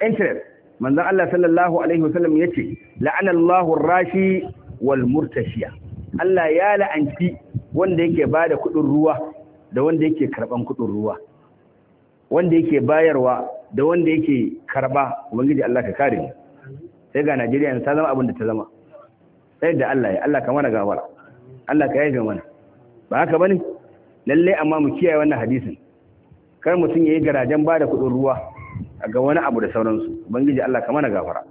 interest manzon Allah sallallahu alaihi wasallam yace la'anallahu rashi wal murtashiya Allah ya la'anci wanda yake ba da kuɗin ruwa da wanda yake karɓan kuɗin ruwa wanda yake bayarwa da wanda yake karɓa ubangiji Allah ka kare mu sai ga Najeriya yanzu ta zama abin da ta zama sai da Allah ya Allah ka mana gawara Allah ka yaje mana ba haka bane lalle amma mu kiyaye wannan hadisin kar mutum yayi garajen ba da kuɗin ruwa ga wani abu da sauransu ubangiji Allah ka mana gafara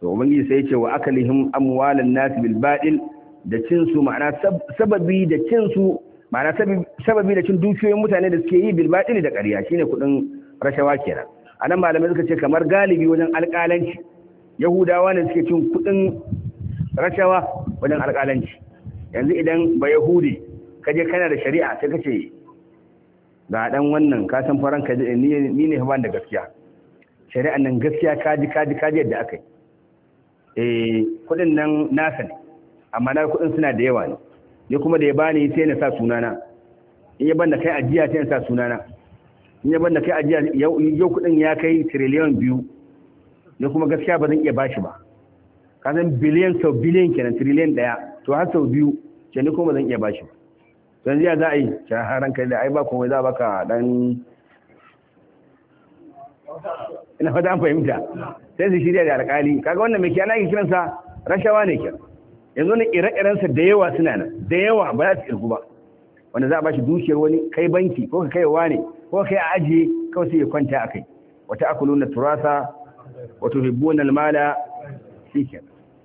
to ubangiji sai ya ce wa akalihim amwalan nas bil ba'il da cin ma'ana sababi da cin su ma'ana sababi da cin dukiyoyin mutane da suke yi bil da ƙarya shine kuɗin rashawa A nan malamai suka ce kamar galibi wajen alƙalanci yahudawa ne suke cin kuɗin rashawa wajen alƙalanci yanzu idan ba yahudi kaje kana da shari'a sai kace ga dan wannan ka san faran ka ni ne ban da gaskiya shari'an nan gaskiya kaji kaji kaji yadda akai eh kuɗin nan nasa ne amma na kudin suna da yawa ne ni kuma da ya bani sai na sa sunana in ya banda kai ajiya sai na sa sunana in ya banda kai ajiya yau kudin ya kai trillion biyu ni kuma gaskiya ba zan iya bashi ba ka san billion sau billion kenan trillion ɗaya to har sau biyu ce ni kuma zan iya bashi ba to yanzu ya za a yi can haran kai da ai ba kuma za baka dan ina fata an fahimta sai su shirya da alƙali kaga wannan mai kiyana ke kiransa rashawa ne kenan yanzu ne ire-irensa da yawa suna nan da yawa ba za su irgu ba wanda za a bashi dukiyar wani kai banki ko ka kai ne ko kai a ajiye kawai sai ya kwanta a kai wata na turasa wato hibbun almala shike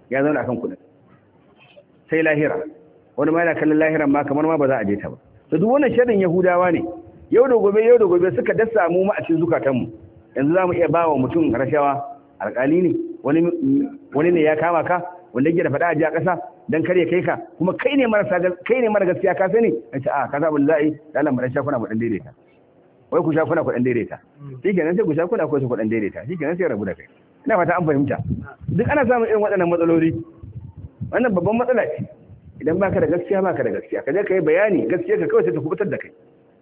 ya zauna akan kudin sai lahira wani ma yana kallon lahira ma kamar ma ba za a je ta ba to duk wannan shirin yahudawa ne yau da gobe yau da gobe suka dasa mu ma a cikin zukatanmu yanzu za mu iya ba wa mutum rashawa alƙali ne wani ne ya kama ka wanda yake da faɗa a ji a ƙasa dan kare kai ka kuma kai ne marasa kai ne mara gaskiya ka sani a ce a ah, kaza wallahi da Allah mara shakuna kuɗin daidaita wai ku shakuna kuɗin daidaita kenan sai ku shakuna ko su kuɗin daidaita kenan sai rabu da kai ina fata an fahimta duk ana samun irin waɗannan matsaloli wannan babban matsala ce idan baka da gaskiya baka da gaskiya ka je ka yi bayani gaskiya ka kawai sai ta kubutar da kai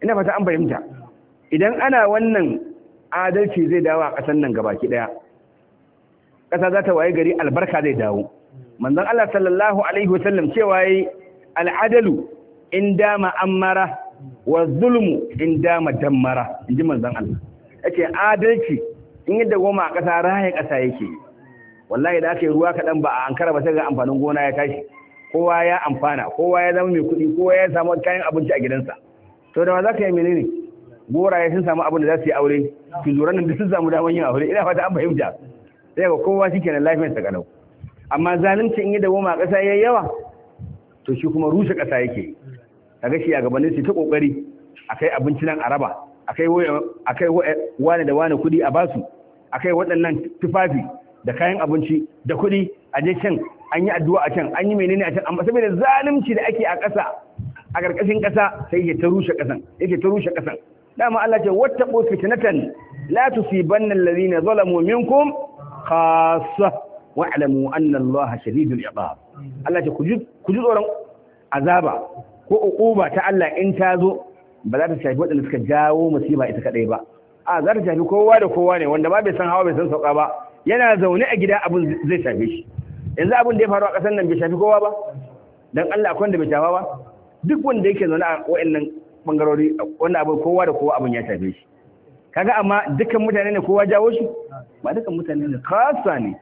ina fata an fahimta idan ana wannan adalci zai dawo a ƙasan nan gabaki ɗaya ƙasa za ta waye gari albarka zai dawo manzon Allah sallallahu alaihi wasallam cewa yi al'adalu in dama amara wa zulmu in dama dammara in ji manzon Allah Yake adalci in yi goma a ƙasa raya ƙasa yake wallahi da aka yi ruwa kaɗan ba a ankara ba sai ga amfanin gona ya tashi kowa ya amfana kowa ya zama mai kuɗi kowa ya samu kayan abinci a gidansa to da ba za ka yi menene goraye sun samu abin da za su yi aure tuzuran nan duk sun samu damar yin aure ina fata an fahimta sai ga kowa shikenan lafiyarsa kalau amma zalunci in yi da goma ƙasa yayi yawa to shi kuma rushe ƙasa yake kaga gashi a gabanin su ta ƙoƙari a kai abinci nan a raba, a kai wani da wani kudi a basu a kai waɗannan tufafi da kayan abinci da kuɗi a je can an yi addu'a a can an yi menene a can amma saboda zalunci da ake a ƙasa a ƙarƙashin ƙasa sai yake ta rushe ƙasan yake ta rushe ƙasan dama Allah ce wattaqu fitnatan la tusibanna alladhina zalamu minkum khassa wa'lamu anna Allah shadidul iqab Allah ce ku ji tsoron azaba ko uquba ta Allah in ta zo ba za ta shafi waɗanda suka jawo musiba ita kadai ba a za ta shafi kowa da kowa ne wanda ba bai san hawa bai san sauka ba yana zaune a gida abin zai shafi shi yanzu abin da ya faru a ƙasar nan bai shafi kowa ba dan Allah akwai wanda bai shafa ba duk wanda yake zaune a wa'annan bangarori wanda abin kowa da kowa abin ya shafe shi kaga amma dukkan mutane ne kowa jawo shi ba dukkan mutane ne kasa ne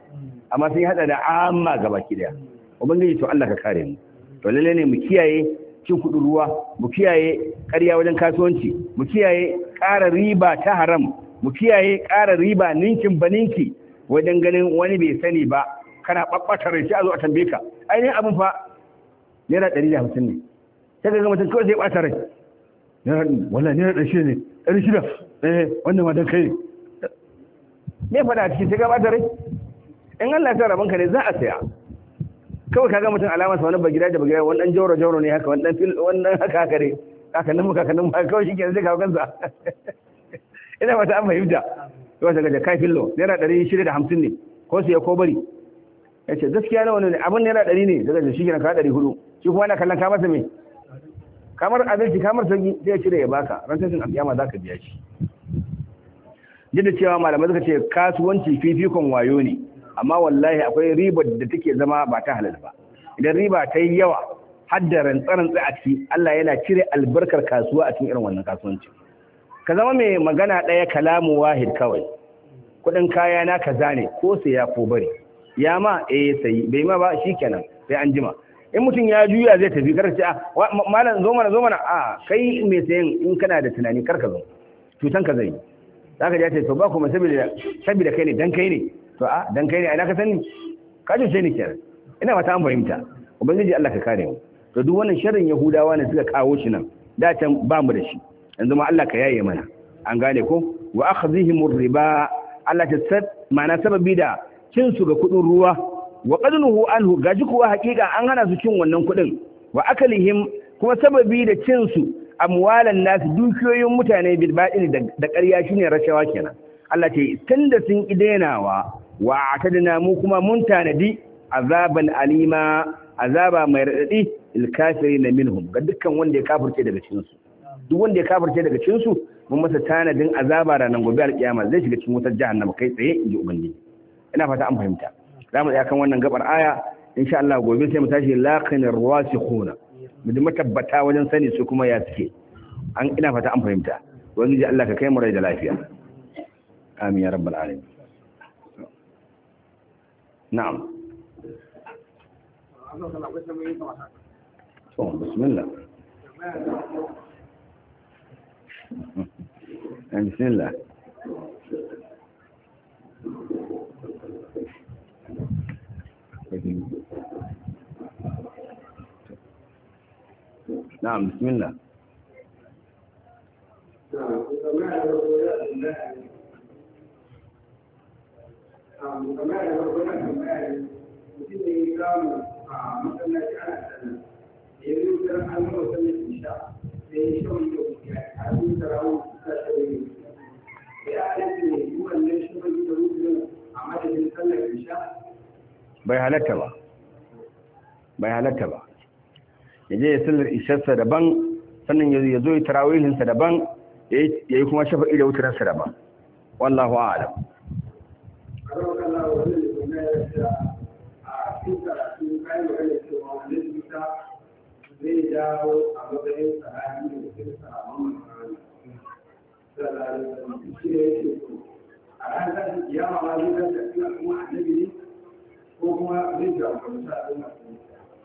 amma sun hada da amma gaba ki daya ubangiji to Allah ka kare mu to lalle ne mu kiyaye cin kudin ruwa mu kiyaye ƙarya wajen kasuwanci mu kiyaye ƙara riba ta haram mu kiyaye ƙara riba ninkin baninki wajen ganin wani bai sani ba kana babbatar shi a zo a tambaye ka ainihin abin fa naira ɗari da hamsin ne sai ka ga mutum kawai zai ɓata rai wala naira ɗari shida ne ɗari shida eh wannan ma dan kai ne me faɗa a cikin sai ka ɓata rai in Allah ya rabon ka ne za a saya kawai kaga mutum alamar sa wani bagira da bagira wani dan joro-joro ne haka wani dan fil wani haka haka ne kakannin mu kakannin mu kawai shike sai kawo kansa <laughs> ina wata an fahimta yau daga da kai fillo naira ɗari shida da hamsin ne ko siya ko bari Yace ce gaskiya na wani abin naira ɗari ne daga da na ka ɗari shi kuma ana kallon ka masa me kamar abinci kamar sanyi sai ya cire ya baka ran sai sun alƙiyama za ka biya shi duk da cewa malamai suka ce kasuwanci fifikon wayo ne amma wallahi akwai riba da take zama ba ta halal ba idan riba ta yi yawa haddaran tsarin a ciki Allah yana cire albarkar kasuwa a cikin irin wannan kasuwanci ka zama mai magana ɗaya kalamu wahid kawai kuɗin kaya na kaza ne ko saya ko bari ya ma eh sai bai ma ba shikenan sai an jima in mutum ya juya zai tafi kar ce ah, a malam zo mana zo mana a kai mai sayan in kana da tunani kar ka zo cutan ka zai zaka ji ce to ba kuma saboda kai ne dan kai ne to a dan kai ne ai na ka sani ka cuce ni kenan ina mata an fahimta ubangiji Allah ka kare mu to duk wannan sharrin yahudawa ne suka kawo shi nan da can ba mu da shi yanzu ma Allah ka yaye mana an gane ko wa akhdhihim riba Allah ta sad ma'ana sababi da cin su ga kudin ruwa wa qadnuhu anhu gaji kuwa hakika an hana su cin wannan kudin wa akalihim kuma sababi da cin su amwalan nasu dukiyoyin mutane bil da ƙarya shine rashawa kenan Allah ce tunda sun dainawa. wa atadna mu kuma mun tanadi azaban alima azaba mai radadi lil kafirin minhum ga dukkan wanda ya kafirce daga cikin su duk wanda ya kafirce daga cikin su mun masa tanadin azaba ranar gobe alkiyama zai shiga cikin wutar jahannama kai tsaye inji ubangiji ina fata an fahimta za mu tsaya kan wannan gabar aya insha Allah gobe sai mu tashi laqinir rasikhuna mu ji matabbata wajen sani su kuma ya suke an ina fata an fahimta Wani ji Allah ka kai mu rai da lafiya amin ya rabbal alamin نعم بسم الله يعني بسم الله نعم بسم الله da mutum ne ya ana wani ne yi bai halatta ba bai halatta ba ya je ya sallar isharsa daban sannan ya zo ya tarawihinsa daban ya yi kuma shafa'i da wutararsa daban wallahu a'alam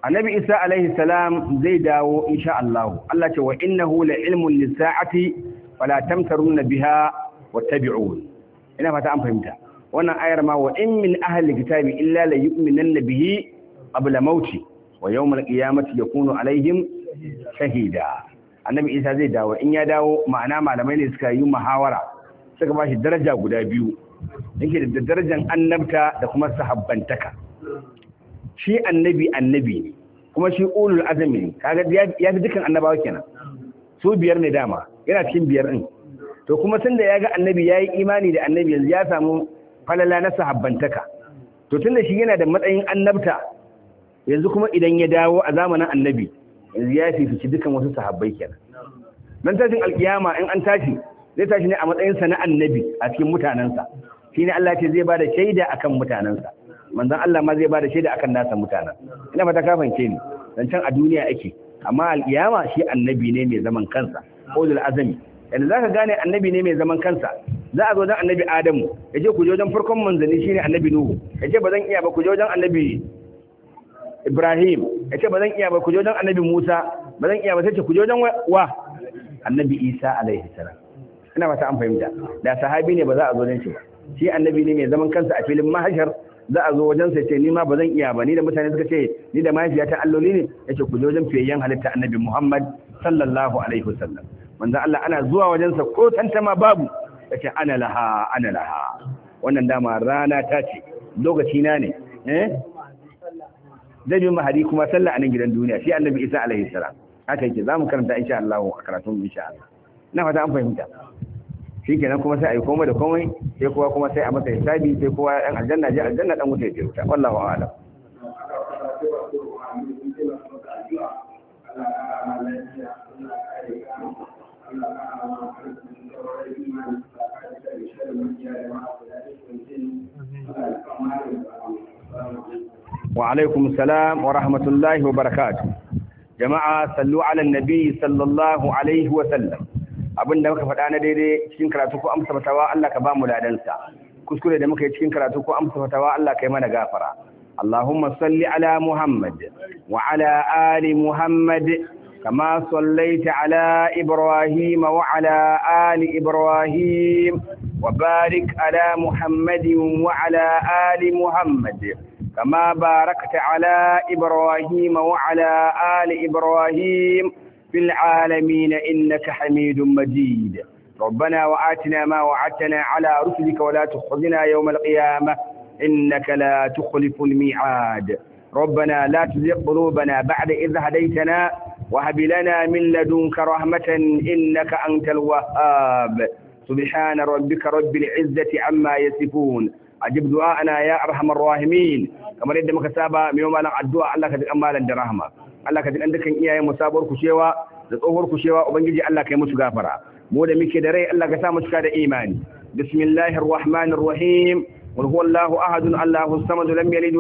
النبي إساء عليه السلام زيداو إن شاء الله الله تعالى وإنه لعلم للساعة فلا تمترن بها واتبعون إنه فتأم فهمتها wannan ayar ma wa in min ahli kitabi illa la yu'minan bihi qabla mauti wa yawmal qiyamati yakunu alaihim shahida annabi isa zai dawo in ya dawo ma'ana malamai ne suka yi muhawara suka bashi shi daraja guda biyu yake da darajar annabta da kuma sahabbantaka shi annabi annabi kuma shi ulul azumi ne kaga ya fi dukkan annabawa kenan su biyar ne dama yana cikin biyar din to kuma tunda ya ga annabi ya yi imani da annabi yanzu ya samu falala na sahabbantaka to tun da shi yana da matsayin annabta yanzu kuma idan ya dawo a zamanin annabi yanzu ya fifici dukan wasu sahabbai kenan nan tashin alkiyama in an tashi zai tashi ne a matsayin sa na annabi a cikin mutanansa ne Allah ce zai bada shaida akan mutanansa manzon Allah ma zai bada shaida akan nasa mutanen ina fata ka fanke ni dan a duniya ake amma alkiyama shi annabi ne mai zaman kansa qawlul azami yadda za ka gane annabi ne mai zaman kansa za a zo wajen annabi adamu ya ce ku je wajen farkon manzanni ne annabi nuhu ya ce ba zan iya ba ku je annabi ibrahim ya ce ba zan iya ba ku je annabi musa ba zan iya ba sai ce ku je wa annabi isa alaihi salam ina fata an fahimta da sahabi ne ba za a zo shi ba shi annabi ne mai zaman kansa a filin mahashar za a zo wajen sai ce ni ma ba zan iya ba ni da mutane suka ce ni da mahaifiyata alloli ne Ya ce ku je wajen fiyayyen halitta annabi Muhammad sallallahu alaihi wasallam manzo Allah ana zuwa wajensa ko tantama babu yace ana laha ana laha wannan dama rana ta ce lokaci na ne eh zai mahadi kuma sallah a nan gidan duniya shi annabi Isa alaihi salam haka yake zamu karanta insha Allah a karatun insha Allah na fata an fahimta shi kenan kuma sai a yi komai da komai sai kowa kuma sai a masa hisabi sai kowa ɗan aljanna je aljanna dan wuta ya je wuta wallahu a'lam Thank you. wa alaikum salam wa rahmatullahi wa barakatuh jama'a sallu ala nabi sallallahu alaihi wa sallam abinda muka faɗa na daidai cikin karatu ko amsa fatawa Allah ka bamu mu ladansa kuskure da muka yi cikin karatu ko amsa fatawa Allah ka yi mana gafara Allahumma salli ala Muhammad wa ala ali Muhammad كما صليت على إبراهيم وعلى آل إبراهيم وبارك على محمد وعلى آل محمد كما باركت على إبراهيم وعلى آل إبراهيم في العالمين إنك حميد مجيد ربنا وآتنا ما وعدتنا على رسلك ولا تخزنا يوم القيامة إنك لا تخلف الميعاد ربنا لا تزغ قلوبنا بعد إذ هديتنا وهب لنا من لدنك رحمة إنك أنت الوهاب سبحان ربك رب العزة عما يصفون أجب دعاءنا يا أرحم الراحمين كما رد مكسابة من يوم أنا الدعاء الله كذلك أمالا درهما Allah ka ji ɗan dukan iyayen mu sabuwar kushewa da tsohuwar kushewa ubangiji Allah ka musu gafara mu muke da rai Allah ka sa mu cika da imani bismillahir rahmanir rahim qul huwallahu ahad Allahu samad lam yalid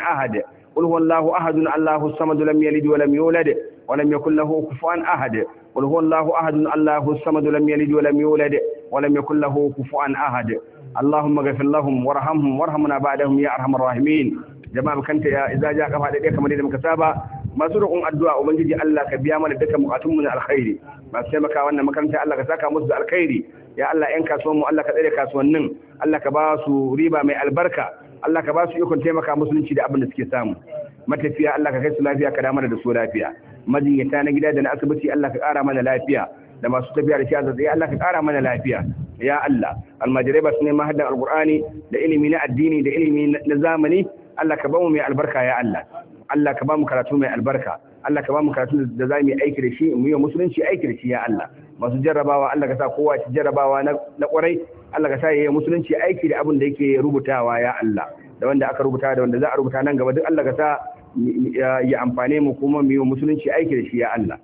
ahad قل هو الله أحد الله الصمد لم يلد ولم يولد ولم يكن له كفوا أحد قل هو الله أحد الله الصمد لم يلد ولم يولد ولم يكن له كفوا أحد اللهم اغفر لهم وارحمهم وارحمنا بعدهم يا أرحم الراحمين jama'a kanta ya idza ja kafa da kamar yadda saba masu roƙon addu'a ubangiji Allah ka biya mana dukkan bukatun mu na alkhairi masu taimaka wannan makaranta Allah ka saka musu da alkhairi ya Allah 'Yan kasuwan mu Allah ka tsare kasuwannin Allah ka ba su riba mai albarka Allah ka ba su ikon taimaka musulunci da abin da suke samu matafiya Allah ka kai su lafiya ka damar da su lafiya majinyata na gida da na asibiti Allah ka kara mana lafiya da masu tafiya da shi a Allah ka kara mana lafiya ya Allah almajirai ba su ne haddan alqur'ani da ilimi na addini da ilimi na zamani Allah ka bamu mai albarka ya Allah Allah ka bamu karatu mai albarka Allah ka bamu karatu da za mu yi aiki da shi mu yi musulunci aiki da shi ya Allah masu jarrabawa Allah ka sa kowa ci jarrabawa na kwarai Allah ka sa yi musulunci aiki da abin da yake rubutawa ya Allah da wanda aka rubuta da wanda za a rubuta nan gaba duk Allah ka sa ya amfane mu kuma mu yi musulunci aiki da shi ya Allah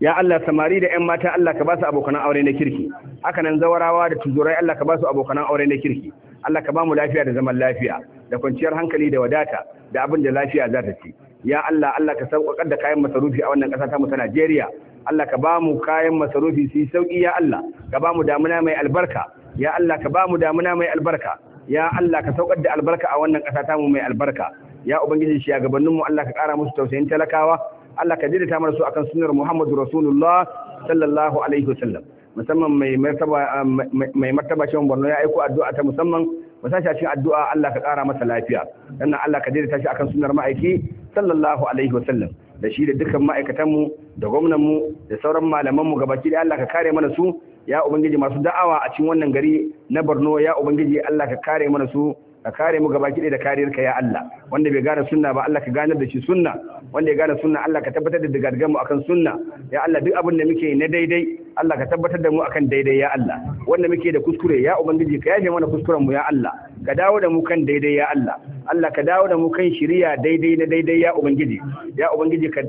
ya Allah samari da ƴan mata Allah ka ba su abokan aure na kirki haka nan zawarawa da tuzurai Allah ka ba su abokan aure na kirki Allah ka ba mu lafiya da zaman lafiya da kwanciyar hankali da wadata da abin da lafiya za ta ci ya Allah Allah ka sauƙaƙar da kayan masarufi a wannan ƙasa ta mu ta Najeriya Allah ka ba mu kayan masarufi su sauƙi ya Allah ka ba mu damuna mai albarka ya Allah ka ba mu damuna mai albarka ya Allah ka saukar da albarka a wannan ƙasa tamu mai albarka ya ubangiji shi ya shugabanninmu Allah ka ƙara musu tausayin talakawa Allah ka daidaita mana su akan sunnar Muhammadu Rasulullah sallallahu alaihi wasallam musamman mai martaba mai martaba shi Borno ya aiko addu'a ta musamman masashi a cikin addu'a Allah ka ƙara masa lafiya sannan Allah ka daidaita shi akan sunnar ma'aiki sallallahu alaihi wasallam da shi da dukkan ma'aikatanmu da gwamnanmu da sauran malamanmu gabaki da Allah ka kare mana su ya ubangiji masu da'awa a cikin wannan gari na Borno ya ubangiji Allah ka kare mana su ka kare mu gabaki da kariyarka ya Allah wanda bai gane sunna ba Allah ka ganar da shi sunna wanda ya gane sunna Allah ka tabbatar da dagadgan mu akan sunna ya Allah duk abin da muke na daidai Allah ka tabbatar da mu akan daidai ya Allah wanda muke da kuskure ya ubangiji ka yafe mana kuskuren mu ya Allah ka dawo da mu kan daidai ya Allah Allah ka dawo da mu kan shiriya daidai na daidai ya ubangiji ya ubangiji ka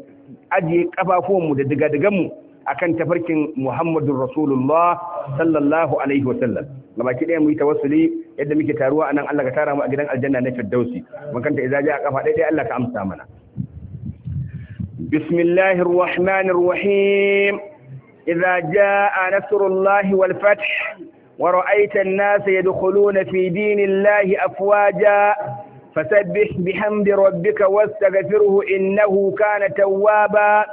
ajiye kafafuwanmu da diga digadiganmu akan tafarkin Muhammadun Rasulullah sallallahu alaihi wa sallam gabaki ɗaya mu yi tawassuli yadda muke taruwa a nan, Allah ka tara mu a gidan aljanna na Firdausi mun kanta idza ja kafa ɗaya Allah ka amsa mana bismillahir rahmanir rahim idza jaa nasrullahi wal fath ورأيت الناس يدخلون في دين الله أفواجا فسبح بحمد ربك واستغفره إنه كان توابا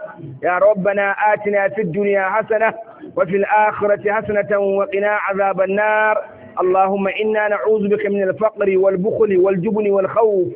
يا ربنا آتنا في الدنيا حسنة وفي الآخرة حسنة وقنا عذاب النار اللهم إنا نعوذ بك من الفقر والبخل والجبن والخوف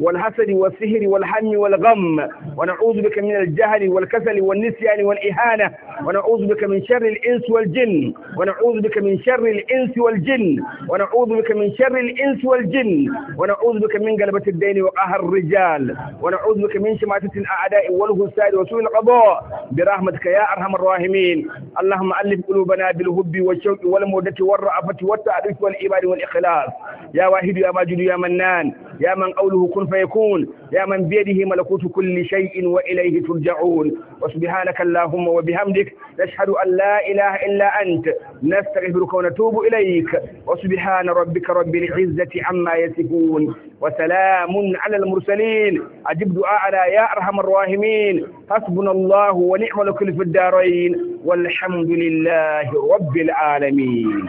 والحسد والسهر والحم والغم ونعوذ بك من الجهل والكسل والنسيان والإهانة ونعوذ بك من شر الإنس والجن ونعوذ بك من شر الإنس والجن ونعوذ بك من شر الإنس والجن ونعوذ بك من غلبة الدين وقهر الرجال ونعوذ بك من شماتة الأعداء والهساد وسوء القضاء برحمتك يا أرحم الراحمين اللهم ألف قلوبنا بالهب والشوق والمودة والرأفة والتعرف والإيمان والإخلاص يا واحد يا ماجد يا منان يا من قوله كن فيكون يا من بيده ملكوت كل شيء وإليه ترجعون وسبحانك اللهم وبحمدك بحمدك نشهد أن لا إله إلا أنت نستغفرك ونتوب إليك وسبحان ربك رب العزة عما يصفون وسلام على المرسلين أجب دعاءنا يا أرحم الراحمين حسبنا الله ونعم الوكيل في الدارين والحمد لله رب العالمين